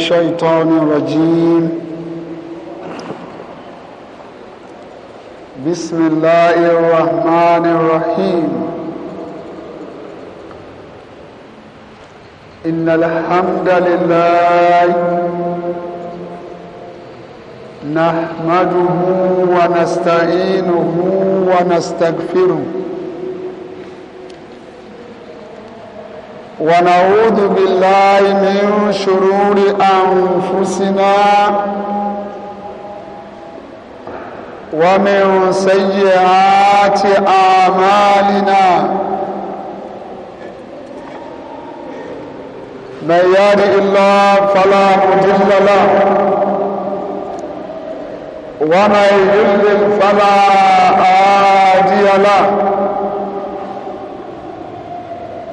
الشيطان الرجيم بسم الله الرحمن الرحيم إن الحمد لله نحمده ونستعينه ونستغفره ونعوذ بالله من شرور أنفسنا ومن سيئات أعمالنا من يهد الله فلا مضل له ومن يضلل فلا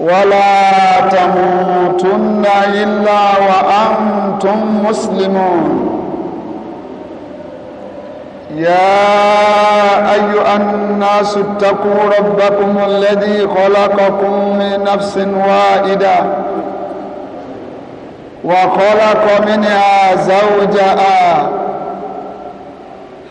ولا تموتن إلا وأنتم مسلمون يا أيها الناس اتقوا ربكم الذي خلقكم من نفس واحدة وخلق منها زوجها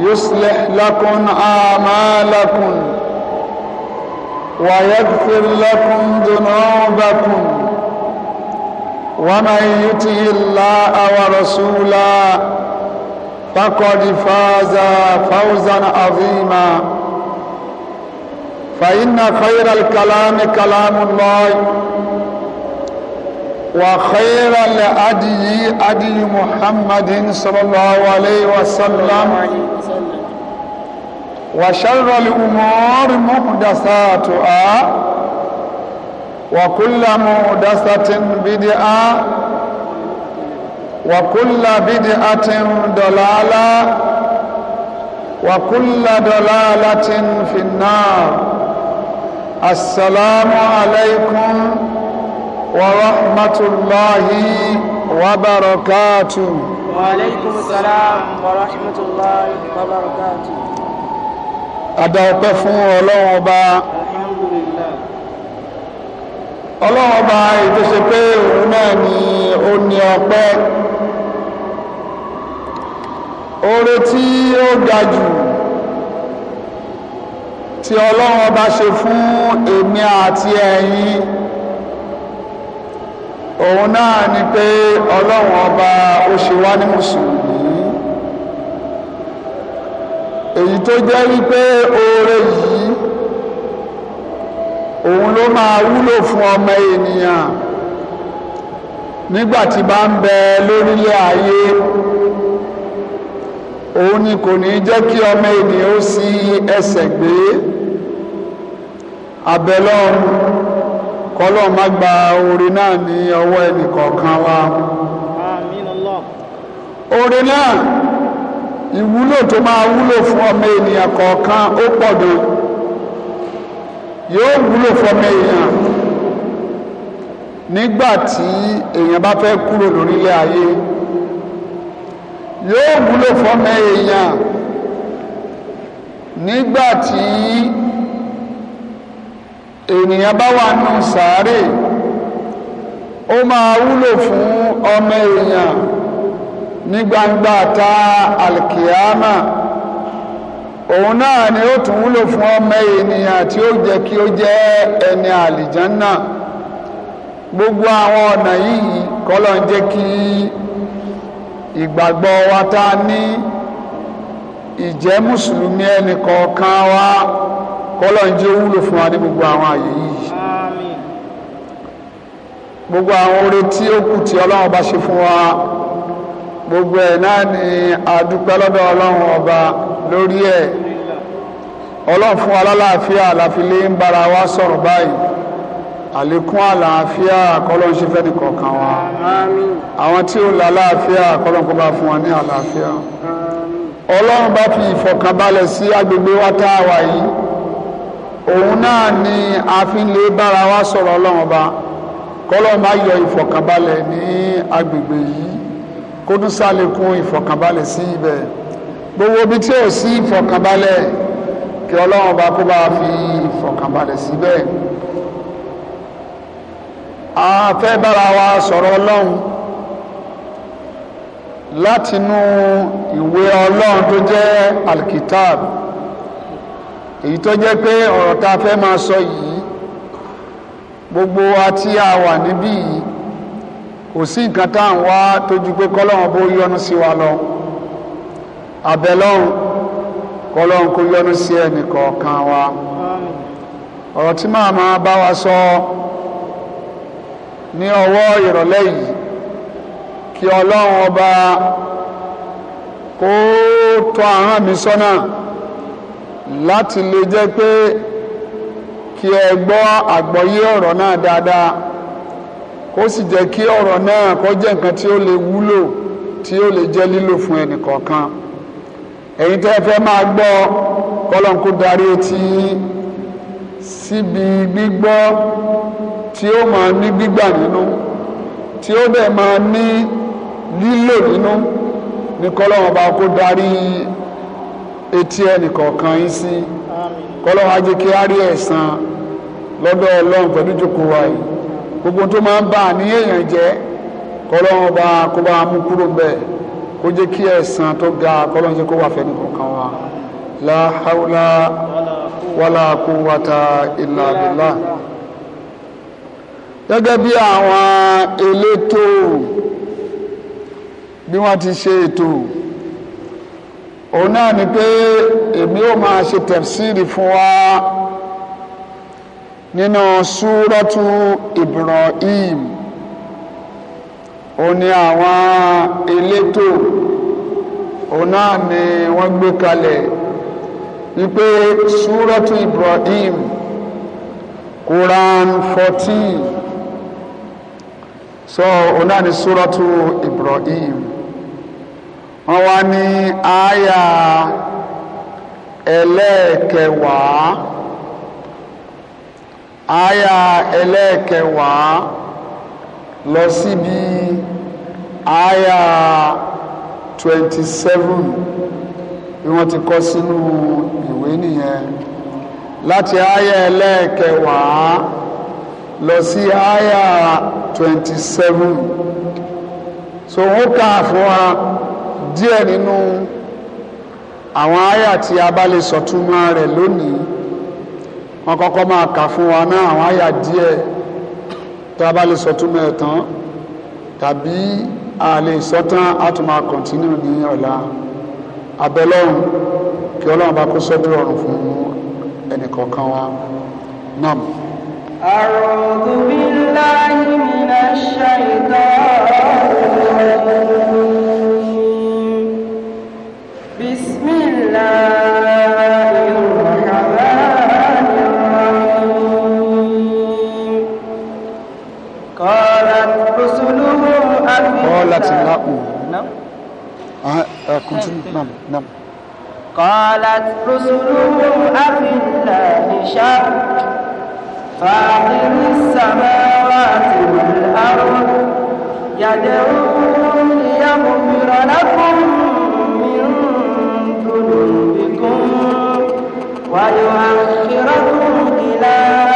يصلح لكم اعمالكم ويغفر لكم ذنوبكم ومن يطع الله ورسوله فقد فاز فوزا عظيما فان خير الكلام كلام الله وخير الأدي أدي محمد صلى الله عليه وسلم وشر الأمور محدثاتها وكل محدثة بدعة وكل بدعة ضلالة وكل ضلالة في النار السلام عليكم ورحمة الله وبركاته وعليكم السلام ورحمة الله وبركاته Adọ́pẹ́ fún Ọlọ́run ọba. Ọlọ́run ọba ètò ṣe pé òun náà ni ó ní ọpẹ́. Oore tí ó ga tí Ọlọ́run ọba ṣe fún èmi àti ẹ̀yin. E òun náà ni pé ọlọ́run ọba ó ṣe wá ní mùsùlùmí èyí tó jẹ́ wípé oore yìí òun ló máa wúlò fún ọmọ ènìyàn nígbà tí bá ń bẹ lórílẹ̀ ayé òun ni kò ní jẹ́ kí ọmọ ènìyàn ó sí ẹsẹ̀ gbé abẹ́lọ́run kọ́lọ́ọ̀ má gba oore náà ní ọwọ́ ẹnì kọ̀ọ̀kan wa. oore náà ìwúlò tó máa wúlò fún ọmọ ènìyàn kọ̀ọ̀kan ó pọ̀ gan yóò wúlò fún ọmọ èèyàn nígbà tí èèyàn bá fẹ́ kúrò lórílẹ̀ ayé yóò wúlò fún ọmọ èèyàn nígbà tí ènìyàn bá wà nù sàárè ó máa wúlò fún ọmọ èèyàn ní gbangba ta alkiyama òun náà ni ó tún wúlò fún ọmọ ènìyàn tí ó jẹ́ kí ó jẹ́ ẹni àlìjánná gbogbo àwọn ọ̀nà yìí kọ́lọ̀ ń jẹ́ kí ìgbàgbọ́ wa ta ní ìjẹ́ mùsùlùmí ẹnì kọ̀ọ̀kan wa kọ́lọ̀ ń jẹ́ wúlò fún wa ní gbogbo àwọn àyè yìí gbogbo àwọn oore tí ó kù tí ọlọ́run bá ṣe fún wa gbogbo ẹ̀ náà ni àdúpẹ́ lọ́dọ̀ ọlọ́run ọba lórí ẹ̀ ọlọ́run fún wa lálàáfíà àlàfi lè ń bára wa sọ̀rọ̀ báyìí àlékún àlàáfíà kọ́lọ́n ṣe fẹ́ nìkan kan wa àwọn tí ó lálàáfíà kọ́lọ́n kó bá fún wa ní àlàáfíà ọlọ́run bá fi ìfọ̀kànbalẹ̀ sí agbègbè wa tá a wà yìí òun náà ni a fi lè bára wa sọ̀rọ̀ ọlọ́run ọba kọ́lọ́run bá yọ ìfọ̀kànbalẹ̀ ní agbègbè yìí kó tún sálẹ̀kùn ìfọ̀kànbalẹ̀ sí ibẹ̀ gbogbo ibi tí ò sí ìfọ̀kànbalẹ̀ kí ọlọ́run bá kó bá fi ìfọ̀kànbalẹ̀ síbẹ̀ a fẹ́ bára wa sọ̀rọ̀ ọlọ́run látinú ìwé ọlọ́run tó jẹ́ alkitab èyí tó jẹ́ pé ọ̀rọ̀ tá a fẹ́ máa sọ yìí gbogbo wa tí a wà níbí yìí kò sí nǹkan tá à ń wá tójú pé kọ́lọ́run bó yọ́nú sí wa lọ àbẹ̀lọ́run kọ́lọ́run kó yọ́nú sí ẹnì kọ̀ọ̀kan wa ọ̀rọ̀ tí màá máa bá wa sọ ní ọwọ́ ìrọ̀lẹ́ yìí kí ọlọ́run ọba kó tọ́ ahọ́n mi sọ́nà. So láti lè jẹ́ pé kí ẹ gbọ́ àgbọ́yé ọ̀rọ̀ náà dáadáa kó sì jẹ́ kí ọ̀rọ̀ náà kó jẹ́ nǹkan tí ó lè wúlò tí ó lè jẹ́ lílò fún ẹnìkọ̀ọ̀kan ẹ̀yin tẹ́ fẹ́ máa gbọ́ kọ́lọ́nkú darí etí síbi gbígbọ́ tí ó máa ní gbígbà nínú tí ó dẹ̀ máa ní lílò nínú ní kọ́lọ́wọ́n bá kó darí etí etí ẹnì kọ̀ọ̀kan yín sí kọ́lọ́wọ́ ajé kí á rí ẹ̀san lọ́dọ̀ ọlọ́run pẹ̀lú ìjókòó wa yìí gbogbo tó máa ń bà ní èèyàn jẹ́ kọ́lọ́wọ́ bá kó bá mú kúrò bẹ́ẹ̀ kó jẹ́ kí ẹ̀san tó ga kọ́lọ́wọ́ jẹ́ kó wà fẹ́ nìkọ̀ọ̀kan wa la haula wala quwwata illa billah gẹ́gẹ́ bí àwọn elétò bí wọ́n ti ṣe ètò òun náà ni pé èmi ó máa ṣe tẹ̀síìrì fún wa nínú súrọ́tù Ibrahim òun ni àwọn elétò òun náà ni wọ́n gbé kalẹ̀ wípé súrọ́tù Ibrahim Quran fourteen so òun náà ni súrọ́tù Ibrahim wọ́n wá ní àyà ẹlẹ́ẹ̀kẹwàá àyà ẹlẹ́ẹ̀kẹwàá lọ síbi àyà twenty seven bí wọ́n ti kọ sínú ìwé nìyẹn láti àyà ẹlẹ́ẹ̀kẹwàá lọ sí àyà twenty seven so wọ́n kà fún wa díẹ̀ nínú àwọn àyà tí a bá lè sọ̀túnmọ́ rẹ̀ lónìí wọn kọ́kọ́ máa kà fún wa náà àwọn àyà díẹ̀ tá a bá lè sọ̀túnmọ́ ẹ̀ tán tàbí a lè sọ́tán a tún máa kọ̀ntínú ní ọ̀la abẹ́lọ́run kí ọlọ́run bá kó sọ́dún ọ̀run fún ẹnìkọ̀ọ̀kan wa náà. أعوذ بالله من الشيطان الرجيم That's نعم no. آه، آه، نعم، نعم. قالت رسلهم أفي الله شر فاطر السماوات والأرض يدعوكم ليغفر لكم من ذنوبكم ويؤخركم إلى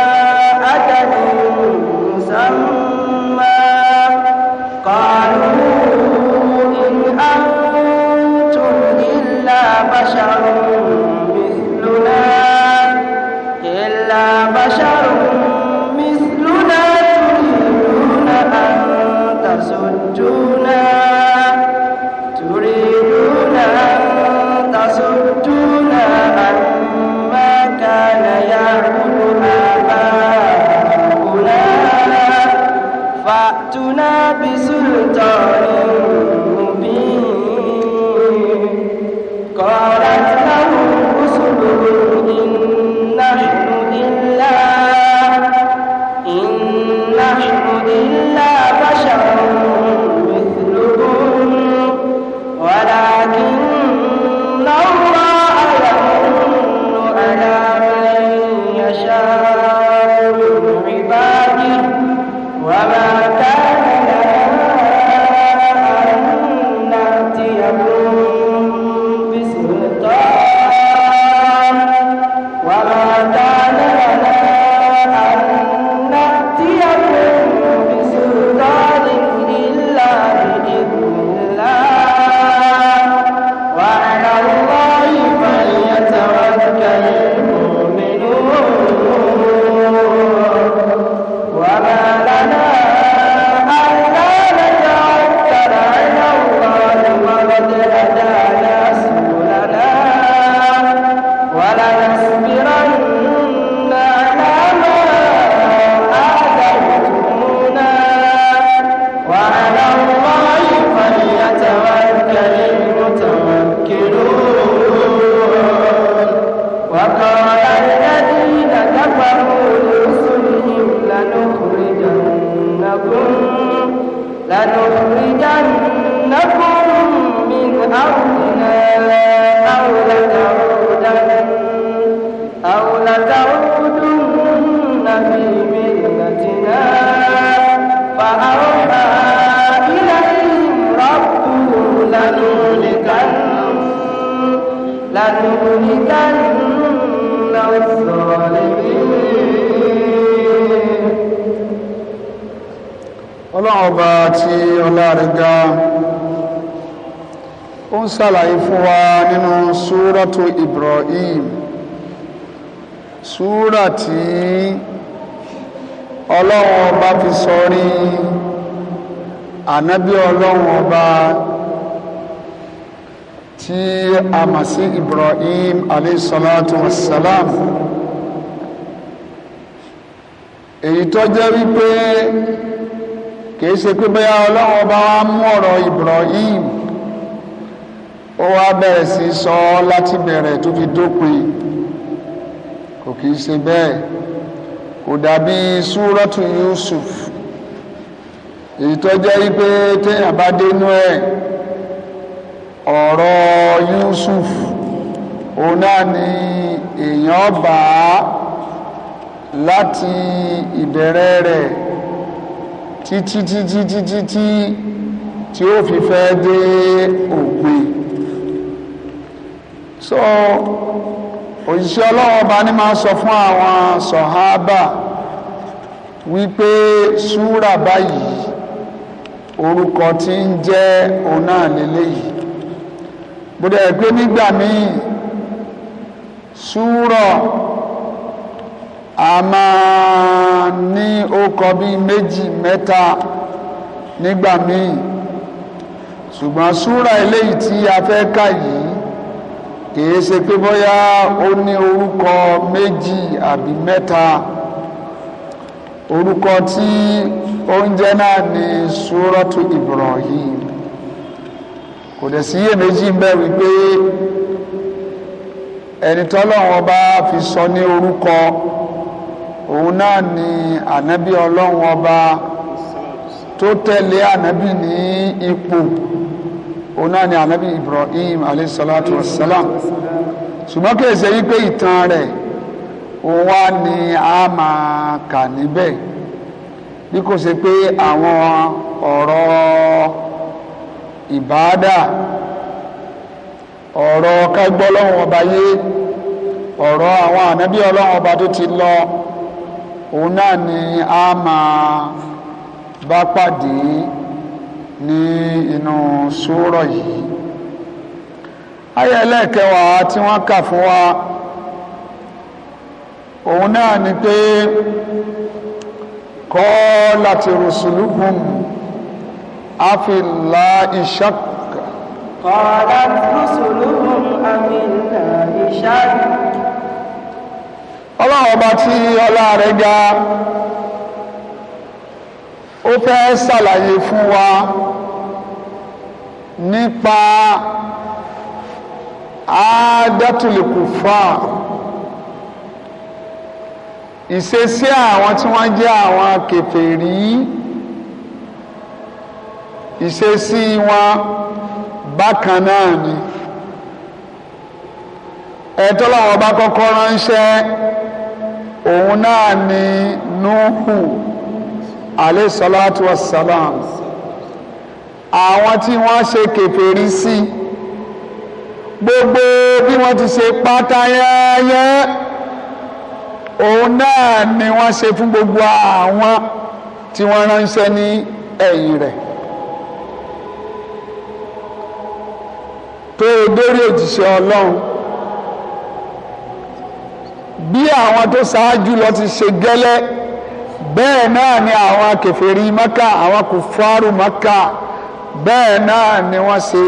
لتحسبن الصالحين ọlọ́run ọba tí ọlá rẹ̀ ga ó ń ṣàlàyé fún wa nínú súrọ́tò Ibrahim súrà tí ọlọ́run fi sọ rí ànábí ọlọ́run tí a mọ̀ sí Ibrahim aleyhisalatu wasalam èyí tó jẹ́ wípé kìí ṣe pé bẹ́ẹ̀ ọlọ́run ọba wa mú ọ̀rọ̀ Ibrahim ó wá bẹ̀rẹ̀ sí sọ ọ́ láti bẹ̀rẹ̀ tó fi dópin kò kìí ṣe bẹ́ẹ̀ kò dàbí súrọ́tù Yusuf èyí tó wípé téèyàn bá dénú ẹ̀ ọ̀rọ̀ Yusuf òun náà ni èèyàn bá láti ìbẹ̀rẹ̀ rẹ̀ títí títí títí tí tí ó fi fẹ́ dé òpin so òṣìṣẹ́ ọlọ́wọ́ ọba ní máa sọ fún àwọn sọ̀háábà wípé súrà báyìí orúkọ tí ń jẹ́ òun náà lélẹ́yìí bóde ẹgbẹ́ nígbà míì súrọ̀ a máa ní okọ̀ bíi méjì mẹ́ta nígbà míì ṣùgbọ́n súrà eléyìí tí a fẹ́ kà yìí kìí ṣe pé bóyá ó ní orúkọ méjì àbí mẹ́ta orúkọ tí ó ń jẹ́ náà ni súrọ́tù Ibrahim kò dẹ̀ sí iye méjì ń bẹ wípé ẹni tọ́lọ́run ọba fi sọ ní orúkọ òun náà ni ànábì ọlọ́run ọba tó tẹ̀lé ànábì ní ipò òun náà ni ànábì Ibrahim aleyhisalatu wasalam ṣùgbọ́n kì í ṣe wípé ìtàn rẹ̀ òun wá ni a máa kà níbẹ̀ bí kò ṣe pé àwọn ọ̀rọ̀ ìbáadà ọ̀rọ̀ kágbọ́ ọlọ́run ọba yé ọ̀rọ̀ àwọn ànábí ọlọ́run ọba tó ti lọ òun náà ni a máa bá pàdé ní inú sùúrọ̀ yìí ayé ẹlẹ́ẹ̀kẹwàá tí wọ́n kà fún wa òun náà ni pé kọ́ láti rùsùlùkùn afi Allahi shak. qalat rusuluhum afi Allahi shak. ọlọ́run ọba tí ọlá rẹ̀ ga ó fẹ́ ṣàlàyé fún wa nípa àádọ́tùlùkùfà ìṣesí àwọn tí wọ́n jẹ́ àwọn kèfèrí ìṣesí wọn bákan náà ni ẹ̀tọ́ làwọn bá kọ́kọ́ ránṣẹ́ òun náà ni Nuhu alayhi salatu wassalam àwọn tí wọ́n ṣe kèfèrí sí gbogbo bí wọ́n ti ṣe pátá yẹ́yẹ́ òun náà ni wọ́n ṣe fún gbogbo àwọn tí wọ́n ránṣẹ́ ní ẹ̀yìn rẹ̀. tó o dórí òjìṣẹ́ ọlọ́run bí àwọn tó ṣáájú lọ ti ṣe gẹ́lẹ́ bẹ́ẹ̀ náà ni àwọn kèfèrí maka àwọn kùfárù maka bẹ́ẹ̀ náà ni wọ́n ṣe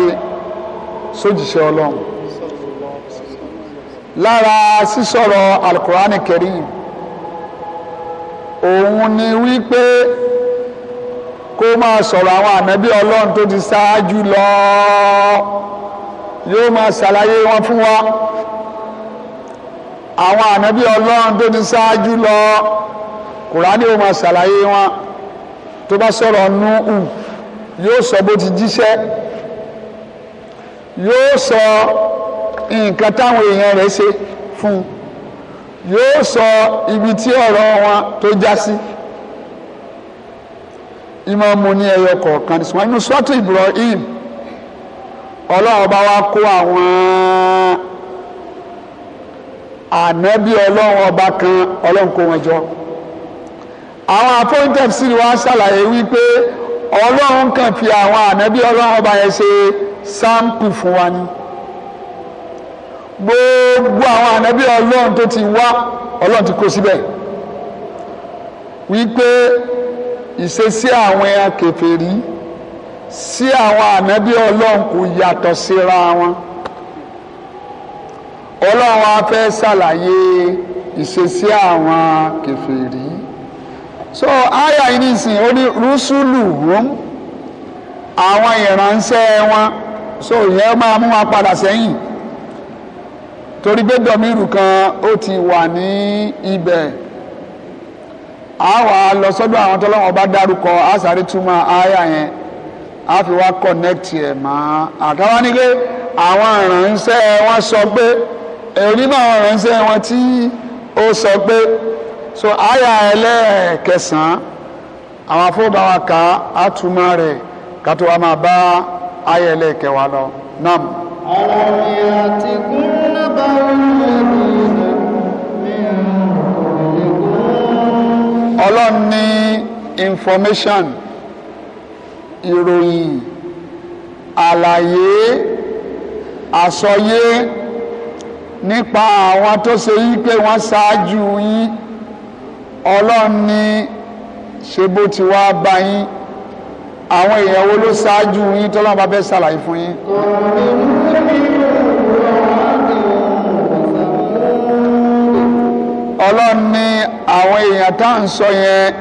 sójìṣẹ́ ọlọ́run lára sísọ̀rọ̀ alukurani kẹrin òun ni wípé kó máa sọ̀rọ̀ àwọn ànábì ọlọ́run tó ti ṣáájú lọ yóò máa ṣàlàyé wọn fún wa àwọn ànábì ọlọ́run tó ti ṣáájú lọ kùránì yóò máa ṣàlàyé wọn tó bá sọ̀rọ̀ Núhù yóò sọ bó ti jíṣẹ́ yóò sọ nǹkan táwọn èèyàn rẹ̀ ṣe fún yóò sọ ibi tí ọ̀rọ̀ wọn tó já sí ìmọ̀ mo ní ẹyọ kọ̀ọ̀kan ní sùnwọ́n inú sọ́tù Ibrahim ọlọ́run bá wá kó àwọn ànábì ọlọ́run ọba kan ọlọ́run kó wọn jọ àwọn afọ́ńtẹ̀sì wa ṣàlàyé wípé ọlọ́run kan fi àwọn ànábì ọlọ́run ọba yẹn ṣe sáǹpù fún wa ni gbogbo àwọn ànábì ọlọ́run tó ti wá ọlọ́run ti kó síbẹ̀ wípé ìṣesí àwọn kèfèrí. sí àwọn ànábì ọlọ́run kò yàtọ̀ síra wọn ọlọ́run á fẹ́ ṣàlàyé ìṣesí àwọn so aya yìí nìsín ó ní rúṣùlù wọn àwọn ìránṣẹ́ so ìyẹn máa mú wọn padà sẹ́yìn torí pé dọ̀míìrù kan ó ti wà ní ibẹ̀ àwa lọ sọ́dọ̀ àwọn tọ́lọ́wọ́n bá dárúkọ aya yẹn a fi wá connect ẹ̀ mọ́ àtàwọn ni pé àwọn ìrànṣẹ́ wọn sọ pé èrí mọ́ àwọn ìrànṣẹ́ wọn tí ó sọ pé so àyà ẹlẹ́ẹ̀kẹsàn-án àwọn afọ́bàwà ká àtúmọ̀ rẹ̀ kátó wa máa bá àyà ẹlẹ́ẹ̀kẹwàá lọ nam. ọ̀rọ̀ mi àti kúnlá bá wọlé mi. ọlọ́run ní information ìròyìn àlàyé àsọyé nípa àwọn tó ṣe yí pé wọ́n ṣáájú yín ọlọ́run ní ṣe bó ti wá bá yín àwọn èèyàn wo ló ṣáájú yín tọ́lọ́run bá fẹ́ ṣàlàyé fún yín. ọlọ́run ní àwọn èèyàn tá à ń sọ yẹn.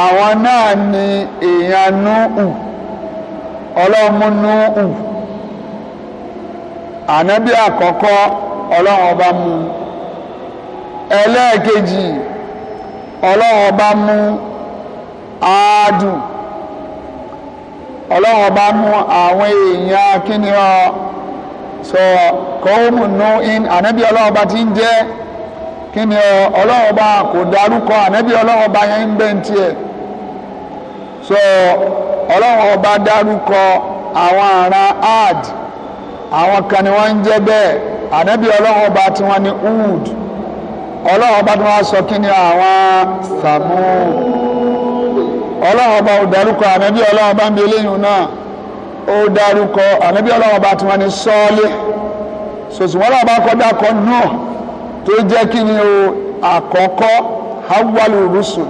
àwọn náà ni èèyàn núhù ọlọ́mú núhù ànábì àkọ́kọ́ ọlọ́run ọba mú ẹlẹ́ẹ̀kejì ọlọ́run ọba mu áádùn ọlọ́run ọba mú àwọn èèyàn kíni ọ sọ kọ́ọ̀mù nù in ọlọ́run ọba ti ń jẹ́ kí ni ọlọ́wọ́ kò dárúkọ ànábì ọlọ́wọ́ yẹn ń tiẹ̀ so ọlọ́wọ́ dárúkọ àwọn ará ad àwọn kan ni wọ́n ń jẹ́ bẹ́ẹ̀ ànábì ọlọ́wọ́ wọ́n sọ ni àwọn samud ọlọ́wọ́ ò ànábì eléyìí náà ó ànábì tí wọ́n ní sọ́ọ́lẹ̀ sòsùn tó jẹ́ kí ni o àkọ́kọ́ awwalu rusul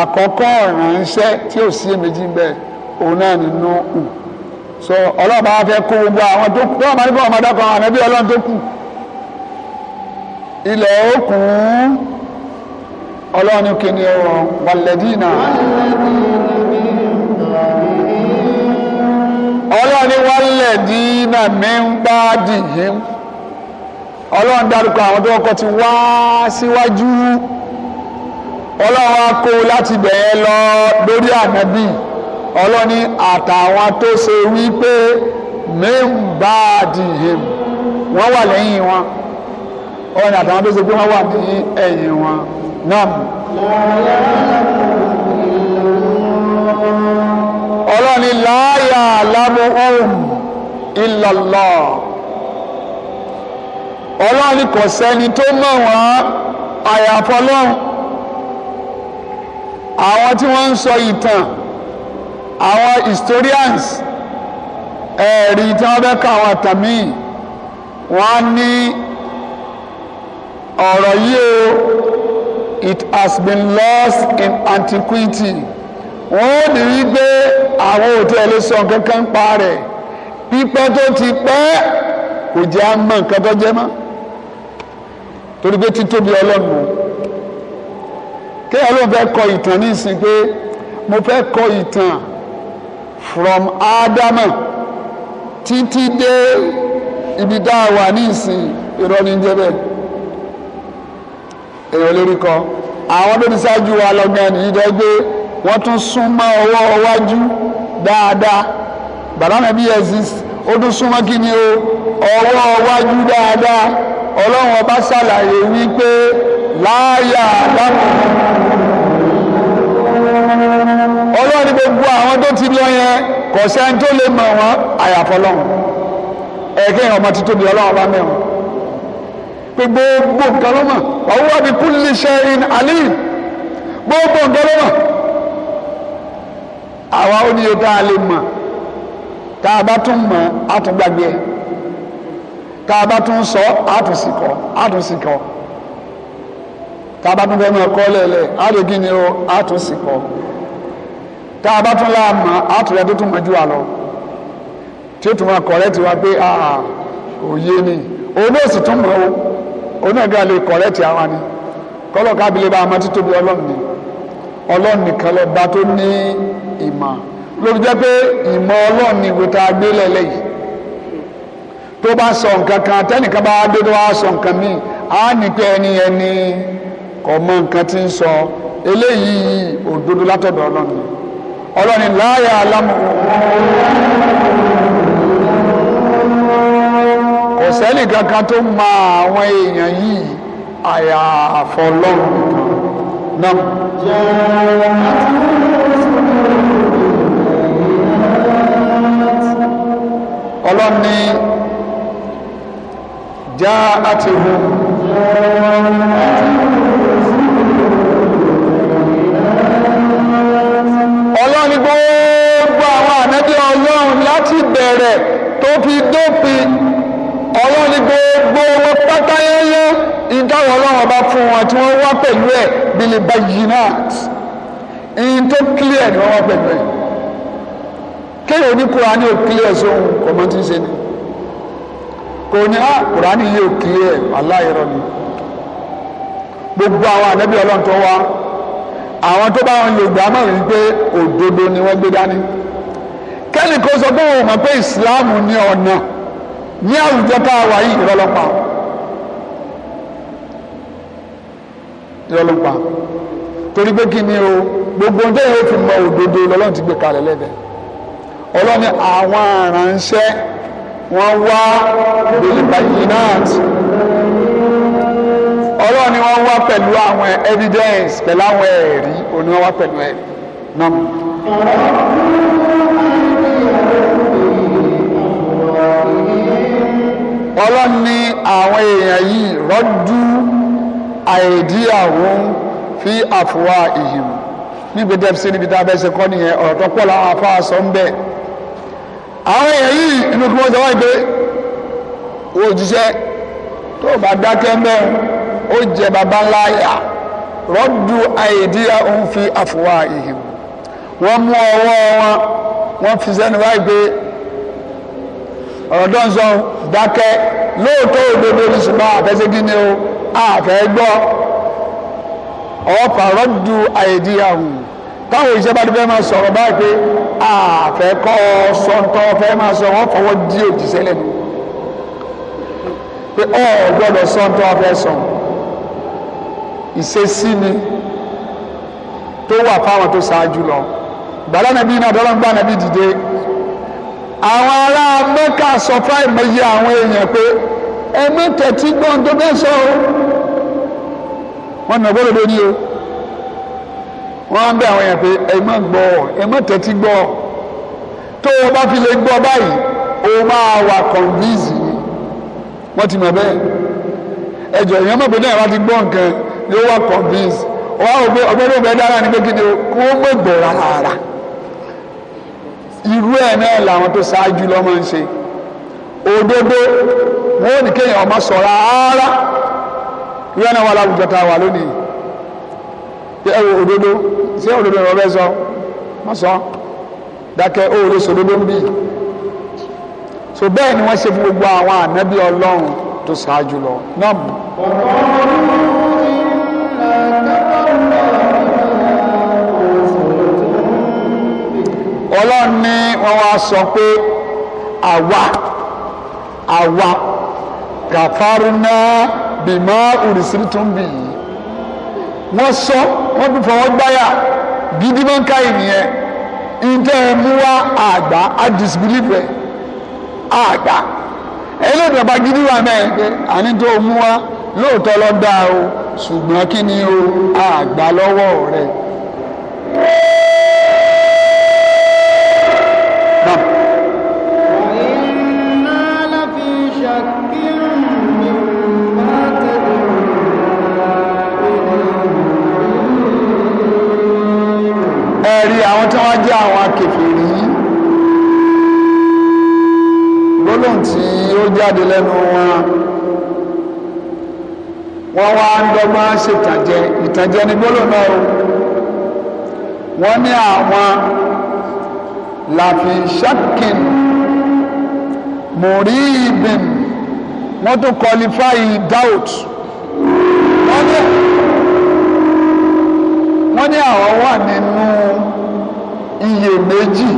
àkọ́kọ́ ìránṣẹ́ tí ò sí èméjì bẹ́ẹ̀ òun náà ni Nuhu so ọlọ́ọ̀bá wa fẹ́ kó gbogbo àwọn tó kù tó ọmọdé fún ọmọdé kan àwọn ẹbí ọlọ́run tó kù ilẹ̀ òkun ọlọ́run kìíní ọ̀rọ̀ wàlẹ́dínà ọlọ́run wàlẹ́dínà mi ń bá dìhín ọlọ́run dárúkọ àwọn tó kọ́kọ́ ti wá síwájú ọlọ́run á kó láti bẹ̀ẹ́ lọ lórí ànábì ọlọ́ni àtàwọn tó ṣe wí pé mẹ́mbàdìhìm wọ́n wà lẹ́yìn wọn ọlọ́ni àtàwọn tó ṣe pé wọ́n wà ní ẹ̀yìn wọn náà. ọlọ́ni láyà lámú um ọ̀hún illallah ọlọ́run kò sẹ́ni tó mọ̀ wọ́n àyàfọ́ lọ́hùn àwọn tí wọ́n ń sọ ìtàn àwọn historians ẹ̀rí tí wọ́n fẹ́ ka àwọn àtàn míì wọ́n ní ọ̀rọ̀ yìí o it has been lost in antiquity wọ́n ó ní wípé àwọn òtẹ́ẹ̀lì sọ kankan pa rẹ̀ pípẹ́ tó ti pẹ́ kò jẹ́ àmọ́ nǹkan tó jẹ́ mọ́ torí pé títóbi ọlọ́run kéèyàn ló fẹ́ kọ ìtàn ní ìsìn pé mo fẹ́ kọ ìtàn from ádámà títí dé ibi tá a wà ní ìsìn irọ́ ní jẹ́ bẹ́ẹ̀ èèyàn lórí kọ àwọn tó ti ṣáájú wa lọ́gán nìyí tó gbé wọ́n tún súnmọ́ ọwọ́ iwájú dáadáa bàbá mi bí ẹ̀ sí ó tún súnmọ́ kí ni o ọwọ́ iwájú dáadáa ọlọ́run ọba ṣàlàyé wípé láàyà àdámù ọlọ́run ní gbogbo àwọn tó ti lọ yẹn kò sẹ́ni tó lè mọ̀ wọ́n àyàfọlọ́run ẹ̀kẹ́ yẹn ọmọ títóbi ọlọ́run ọba mẹ́wọ̀n pé gbogbo nǹkan ló mọ̀ ọwọ́ àbí kulli shay'in alim gbogbo nǹkan ló mọ̀ àwa ó ní iye tá a lè mọ̀ tá a bá tún mọ̀ á tún gbàgbé ẹ̀ tá a bá tún sọ àtúnṣì kọ àtúnṣì kọ tá a bá tún fẹ́ máa kọ́ lẹ́lẹ̀ àdègí ni o àtúnṣì kọ a bá tún láàmà àtúnṣe tó tún mọ́jú wa lọ tí ó tún máa kọ̀rẹ́tì wa pé ah, ah, òye ni òun náà sì tún mọ̀ ọ́ òun náà gbà lè kọ̀rẹ́tì àwa ni kọ́lọ̀ kábílẹ̀ bá a máa títóbi ọlọ́run ni ọlọ́run nìkan lọ́ba tó ní ìmọ̀ lórí jẹ́ pé ìmọ̀ ọlọ́run ni ìwé tá gbé lẹ́lẹ́yìí tó bá sọ nǹkan kan tẹ́nìkan bá dé tó wá sọ nǹkan míì á ní pé ẹni ẹni kò mọ nǹkan tí ń sọ eléyìí òdodo látọ̀dọ̀ ọlọ́run ọlọ́run ni láyà alámọ̀ kò sẹ́nì kankan tó mọ àwọn èèyàn yìí àyàfọ́ ọlọ́run nìkan náà. ọlọ́ni جاءتهم ọlọ́ni gbogbo àwọn ànábì ọlọ́run láti bẹ̀rẹ̀ tó fi dópin ọlọ́ni gbogbo wọn pátáyẹ́yẹ́ ìdáwọ̀ ọlọ́run ọba fún wọn tí wọ́n wá pẹ̀lú ẹ̀ bílí bayinat ìyìn tó clear ni wọ́n wá pẹ̀lú ẹ̀ kéèyàn ní Kùránì ò clear sóhun kọ̀mọ́tì ṣe ni kò ní á ah, kùránì yìí ò clear aláìrọ ni gbogbo àwọn ànábì ọlọ́run tó wá àwọn tó bá wọn lè gbà mọ̀ wípé òdodo ni wọ́n gbé dání kẹ́lì kó sọ pé òun mọ̀ pé ìsìláàmù ní ọ̀nà ní àwùjọ tá a wà yìí ìrọ́lọ́pà ìrọ́lọ́pà torí pé kí ni o gbogbo ohun tó yẹ kó fi mọ òdodo lọ́lọ́run ti gbé kalẹ̀ lẹ́bẹ̀ẹ́ ọlọ́ni àwọn aránṣẹ́ wọ́n wá bilbayinat ọlọ́run ni wọ́n wá pẹ̀lú àwọn evidence pẹ̀lú àwọn ẹ̀rí òní wọ́n wá pẹ̀lú ẹ̀ náà. ọlọ́run ni àwọn èèyàn yìí rọ́dú àìdí àwọn fi àfùwà ìhìn níbi dẹ́pẹ́sì níbi tá a bẹ́ẹ̀ ṣe kọ́ nìyẹn ọ̀rọ̀ tó pọ̀ láwọn afáàsọ ń bẹ́ẹ̀ àwọn èèyàn yìí inú kí wọ́n sọ wọ́n pé o jíṣẹ́ tó bá dákẹ́ mẹ́ ó jẹ bàbá ńlá yà rọ́dù àìdíyà òun fi àfùwà ìhìn wọ́n mú ọwọ́ wọn wọ́n fi sẹ́nu wáyé pé ọ̀rọ̀ ń sọ dákẹ́ lóòótọ́ òdodo ní ṣùgbọ́n ni o àfẹ́ gbọ́ ọ̀pá rọ́dù àìdíyà òun táwọn òṣìṣẹ́ bá ti fẹ́ máa sọ̀rọ̀ báyìí pé àfẹ́ kọ́ ọ sọ̀tọ̀ fẹ́ máa sọ wọ́n fọwọ́ dí òjíṣẹ́ lẹ́nu pé ọ gbọ́dọ̀ sọ̀tọ̀ fẹ́ sọ ìṣesí ni tó wà fáwọn tó ṣáájú lọ gbàdá nàbí iná dọ́lọ́ ń gbà nàbí dìde àwọn ará Mẹ́kà sọ fáì méjì àwọn èèyàn pé ẹ̀mí tẹ̀tí gbọ́n tó fẹ́ sọ wọn nà gbọ́dọ̀ lórí o wọ́n á bẹ àwọn èèyàn pé ẹ má gbọ́ ẹ má tẹ́tí gbọ́ tó o bá fi lè gbọ́ báyìí o máa wà kọ̀ǹbíìsì ni wọ́n ti mọ̀ bẹ́ẹ̀ ẹjọ́ èèyàn mọ̀ pé náà wá ti gbọ́ nǹkan yóò wà kọ̀ǹbíìsì wọ́n á rò pé ọgbẹ́ ló bẹ dára ní pé kí ni kó o mọ̀ gbọ́ rárá irú ẹ̀ náà làwọn tó ṣáájú lọ́ máa ń ṣe òdodo wọn ò ní kéèyàn ọmọ sọ rárá ìwé náà wà láwùjọ tá a wà lónìí ẹ wo òdodo ṣé òdodo ìwọ sọ wọ́n sọ dákẹ́ ó sòdodo ń bì so bẹ́ẹ̀ ni wọ́n ṣe fún gbogbo àwọn ànábì ọlọ́run tó ṣáájú lọ náà mú. ọlọ́run ní wọ́n wá sọ pé àwa àwa gàfárúná bìmọ́ òrìṣìí tún bì í wọ́n sọ wọ́n tún fọwọ́ gbáyà gidi máa ń ká ìnìyẹn ǹjẹ́ ẹ mú wá àgbà á disbelieve rẹ̀ àgbà ẹlẹ́dàá bá gidi wà náà ẹ̀ pé àní tó mú wá lóòótọ́ lọ dá o ṣùgbọ́n kí ni o àgbà lọ́wọ́ rẹ̀. Now, ẹ̀rí àwọn tí wọ́n jẹ́ àwọn kèfèrí gbólóhùn tí ó jáde lẹ́nu wọn wọ́n wá ń dọ́gbọ́n ṣètàjẹ ìtàjẹ ní gbólóhùn náà o wọ́n ní àwọn làfin ṣákìn mùríbìn wọ́n tún kọlifáì doubt wọ́n ní wọ́n ní àwọn wà nínú iyèméjì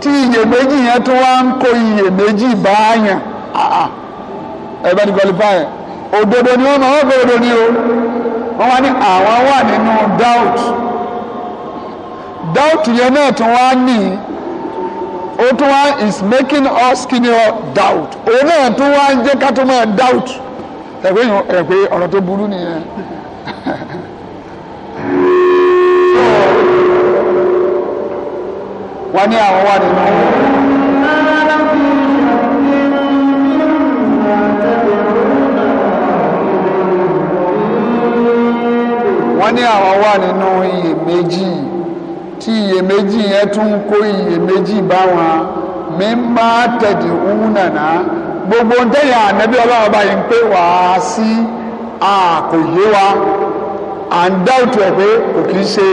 tí iyèméjì yẹn tó wá ń kó iyèméjì báyàn ẹ bá ti qualify òdodo ni wọ́n máa ń kó òdodo ni o wọ́n wá ní àwọn wà nínú doubt doubt yẹn náà tó wá ní ó tún wá is making us kí ni doubt òun náà tó wá ń jẹ́ ká tó máa doubt ẹ̀pẹ́ ọ̀rọ̀ tó burú nìyẹn. wọ́n ní àwọn wà nínú. wọ́n ní àwọn wà nínú iyèméjì tí iyèméjì yẹn tún ń kó iyèméjì bá wọn mi máa tẹ̀dí òun nàná gbogbo ń tẹ̀yà ànábì ọlọ́run bá yìí ń pè wá sí àkòyé wa à ń dáwùtù ẹ̀ pé kò kì í ṣe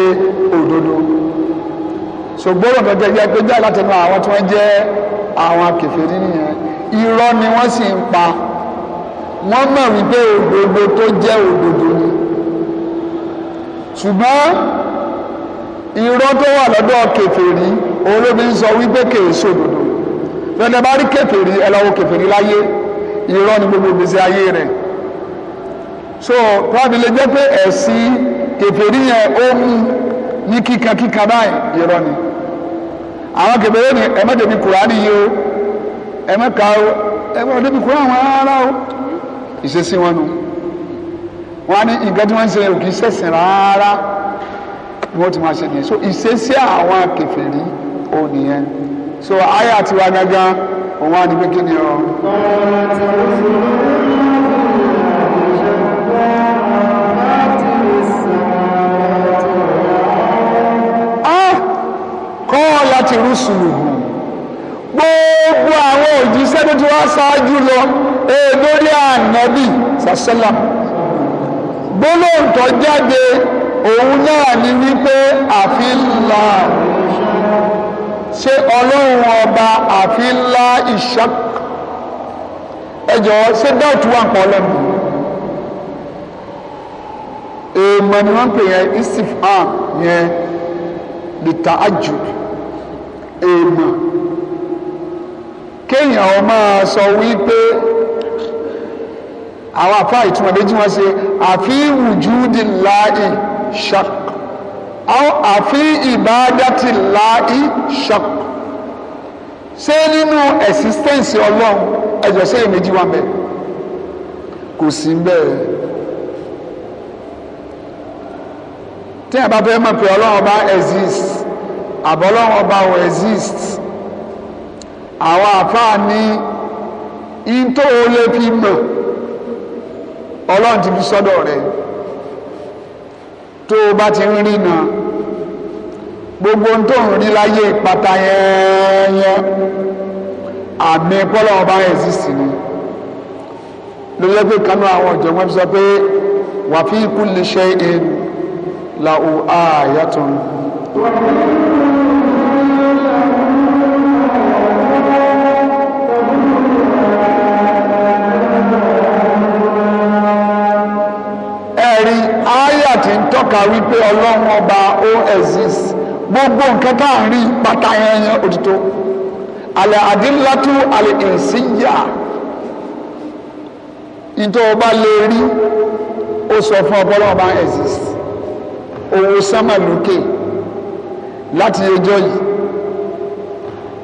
òdodo ṣògbọ́n tó jẹ́ pé jẹ́ látẹnu àwọn tí wọ́n jẹ́ àwọn kèfèrí nìyẹn irọ́ ni wọ́n sì ń pa wọ́n mọ̀ wípé òdodo tó jẹ́ òdodo ni ṣùgbọ́n irọ́ tó wà lọ́dọ̀ kèfèrí olóbi ń sọ wípé kèé sòdodo lọ́dẹ̀ bá rí kèfèrí ẹ lọ́wọ́ kèfèrí láyé irọ́ ni gbogbo gbèsè ayé rẹ̀ so rábì lè jẹ́ pé ẹ̀sìn kèfèrí yẹn ó mú ní kíkankíkan báyìí irọ́ ni àwọn kẹfẹ́rẹ́ ni ẹ má débi kùránì yìí o ẹ má ka o ẹ má débi kùránì wọn rárá o ìṣesí wọn nu wọn á ní nǹkan tí wọn ń ṣe òkè ṣẹ̀sìn rárá ni wọn ti máa ṣe nìyẹn so ìṣesí àwọn kẹfẹ́rẹ́ ò nìyẹn so àyà tiwa gángan òun á ní pé kí ni ọ. ọ̀rọ̀ àti ọ̀rọ̀ wasallam gbólóhùn tó jáde òun náà ni wípé àfi ńlá ṣé ọlọ́run ọba àfi ńlá ìṣak ẹjọ́ ṣé dáùtù wà pọ̀ lẹ́nu èèmọ̀ ni wọ́n pè yẹn istifan yẹn the ta'ajjud èèmọ̀ kéèyàn máa sọ wípé àwọn àfa ìtumọ̀ méjì wọ́n ṣe àfi wùjúdi láì ṣak àfi ìbádàtì láì ṣak ṣé nínú ẹ̀sìstẹ́ǹsì ọlọ́run ẹ̀jọ̀ ṣé èméjì wà bẹ́ẹ̀ kò sí bẹ́ẹ̀ tí a bá fẹ́ mọ̀ pé ọlọ́run ọba exist àbọ̀ ọlọ́run ọba ò exist àwọn àfa ní ntòwó lè fi mọ̀ ọlọ́run ti fi sọ́dọ̀ rẹ̀ tó o bá ti ń rí na gbogbo ohun tó ń rí láyé pátá yẹn àmì pọ́lọ́ ọba exist ni ló yẹ pé kanú àwọn ọ̀jọ̀gbọ́n sọ pé wàfíìkú lè ṣe é la ò ààyè tó ń. sì ń tọ́ka wípé ọlọ́run ọba ó exist gbogbo nǹkan tá à ń rí pátá yẹn yẹn òtítọ́ alẹ́ àdínlátú alẹ́ ìsíyà nítorí ọba lè rí ó sọ fún ọba ọlọ́run ọba exist òun sánmà lókè láti ẹjọ́ yìí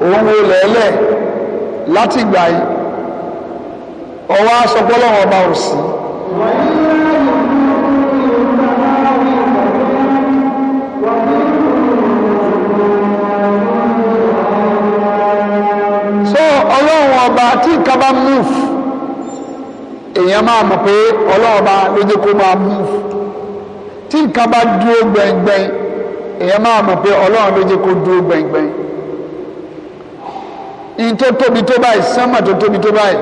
òun wo lẹ́lẹ̀ láti gbà yìí ọwọ́ aṣọ ọlọ́run ọba ò ọba tí nǹkan bá move èèyàn máa mọ̀ pé ọlọ́run bá ló jẹ́ kó máa move tí nǹkan bá dúró gbẹ̀ngbẹ̀n èèyàn máa mọ̀ pé ọlọ́run ló jẹ́ kó dúró gbẹ̀ngbẹ̀n in tó tóbi tó báyìí sánmà tó tóbi tó báyìí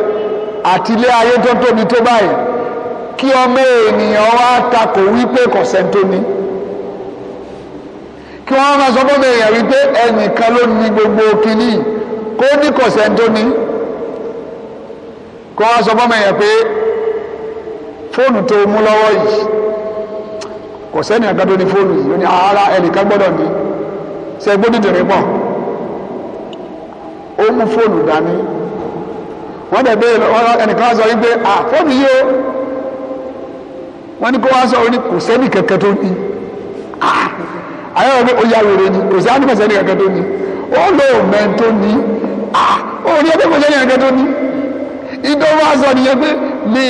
àtìlé ayé tó tóbi tó báyìí kí ọmọ ènìyàn wá takò wípé kọ̀sẹ̀ tó ní kí wọ́n máa sọ fún èèyàn wípé ẹnìkan ló ní gbogbo kínní kó ní kọ̀sẹ̀ tó ní kó wá sọ fọ́mọ yẹn pé fóònù tó mú lọ́wọ́ yìí kò sẹ́ni àgbàdo ní fóònù yìí ó ní ara ẹnìkan gbọ́dọ̀ ní ṣe gbódì dèrè pọ̀ ó mú fóònù dání wọ́n dẹ̀ bẹ́ẹ̀ ẹnìkan sọ wípé à fóònù yìí ó wọ́n ní kó wá sọ ní kò sẹ́ni kẹ̀kẹ́ tó ní ayé wọn ní ó yá wèrè ni kò sẹ́ni kẹ̀kẹ́ tó ní ó lóò mẹ́ tó ní ó rí ẹgbẹ́ kò sẹ́ni kẹ̀kẹ́ tó ní ibi wọn sọ nìyẹn pé mi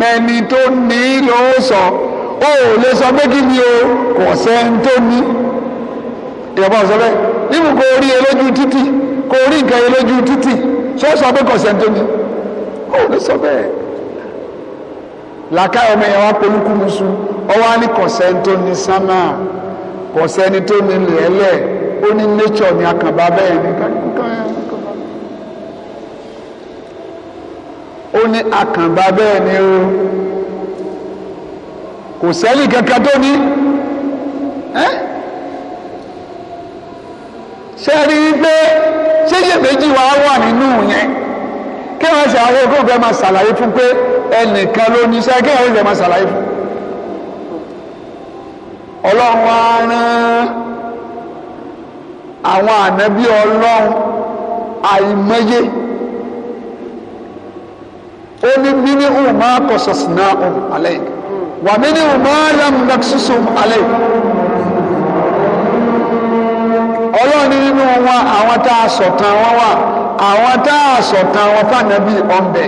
mẹni tó ní ló sọ ó lè sọ pé kí ni o kò sẹ́ni tó ní ìyàbọ̀ sọ bẹ́ẹ̀ níbi kò rí e lójú títì kò rí nǹkan e lójú títì sọ sọ pé kò sẹ́ni tó ní ó lè sọ bẹ́ẹ̀ làkà ọmọ yẹn wá polúkúmusu ọwọ́ á ní kọ̀sẹ́ni tó ní sánmà kọ̀sẹ́ni tó ní lẹ́lẹ̀ ó ní nature ní akànbá bẹ́ẹ̀ ní ó ní akànbá bẹ́ẹ̀ ni o kò sẹ́lì kankan tó ní ṣe rí i pé ṣéṣe méjì wá wà nínú yẹn kí wọ́n ṣe àwọn ogún ọ̀fẹ́ máa ṣàlàyé fún pé ẹnìkan ló ní ṣe kí wọ́n ṣe máa ṣàlàyé fún ọlọ́run á àwọn ànábí ọlọ́run àìmọye. onu mini hun ma koso sinakun aleik wa mini hun ma lamu laksusun aleik owo ni rinuunwa awon ta a so ta wawa awon ta a so ta wafa na bi ombe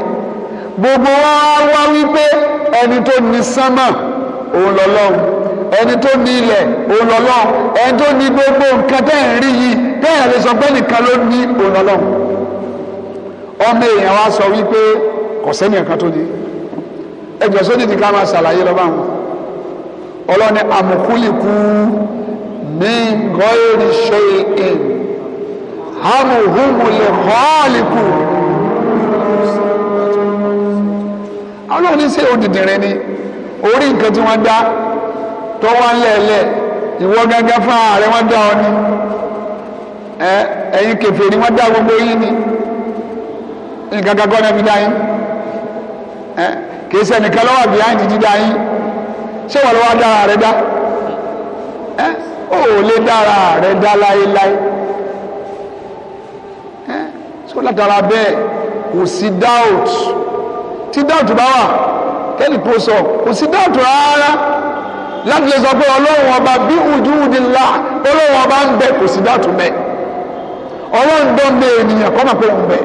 gbogbo wa wawipe eni to ni sama ololong eni to ni ile ololong eni to ni gbogbo nkata nriyi pe ya liso pe ni kalonni ololong o meyawaso wipe kò sẹ́ni ẹ̀ka tó di ẹjọ́ sódì ti ká máa ṣàlàyé lọ́ba wọn ọlọ́ni àmùkúlìkú ní gọ́ọ̀rì ṣe é hàmùhùmùlẹ̀ họ́ọ̀lìkù ọlọ́ni ṣe òdìdìrín ni orí nǹkan tí wọ́n dá tó wá lẹ́ẹ̀lẹ́ ìwọ gángan fún ààrẹ wọn dá ọ ni ẹ̀yin kẹfẹ́ ni wọ́n dá gbogbo yín ni nǹkan gángan náà fi dá yín ẹ kì í sẹ́nìkan lọ́wọ́ àbí àìjì dídá yín ṣé wọ́n lọ́wọ́ dára rẹ dá ẹ ò lè dára rẹ dá láéláé ẹ tó látara bẹ́ẹ̀ kò sí doubt tí doubt bá wà kẹ́lì kò sọ kò sí doubt rárá láti lè sọ pé ọlọ́run ọba bí ojúwùdí ńlá ọlọ́run ọba ń bẹ kò sí doubt mẹ́ ọlọ́run dán bẹ́ẹ̀ ènìyàn kọ́ mọ̀ pé òun bẹ́ẹ̀.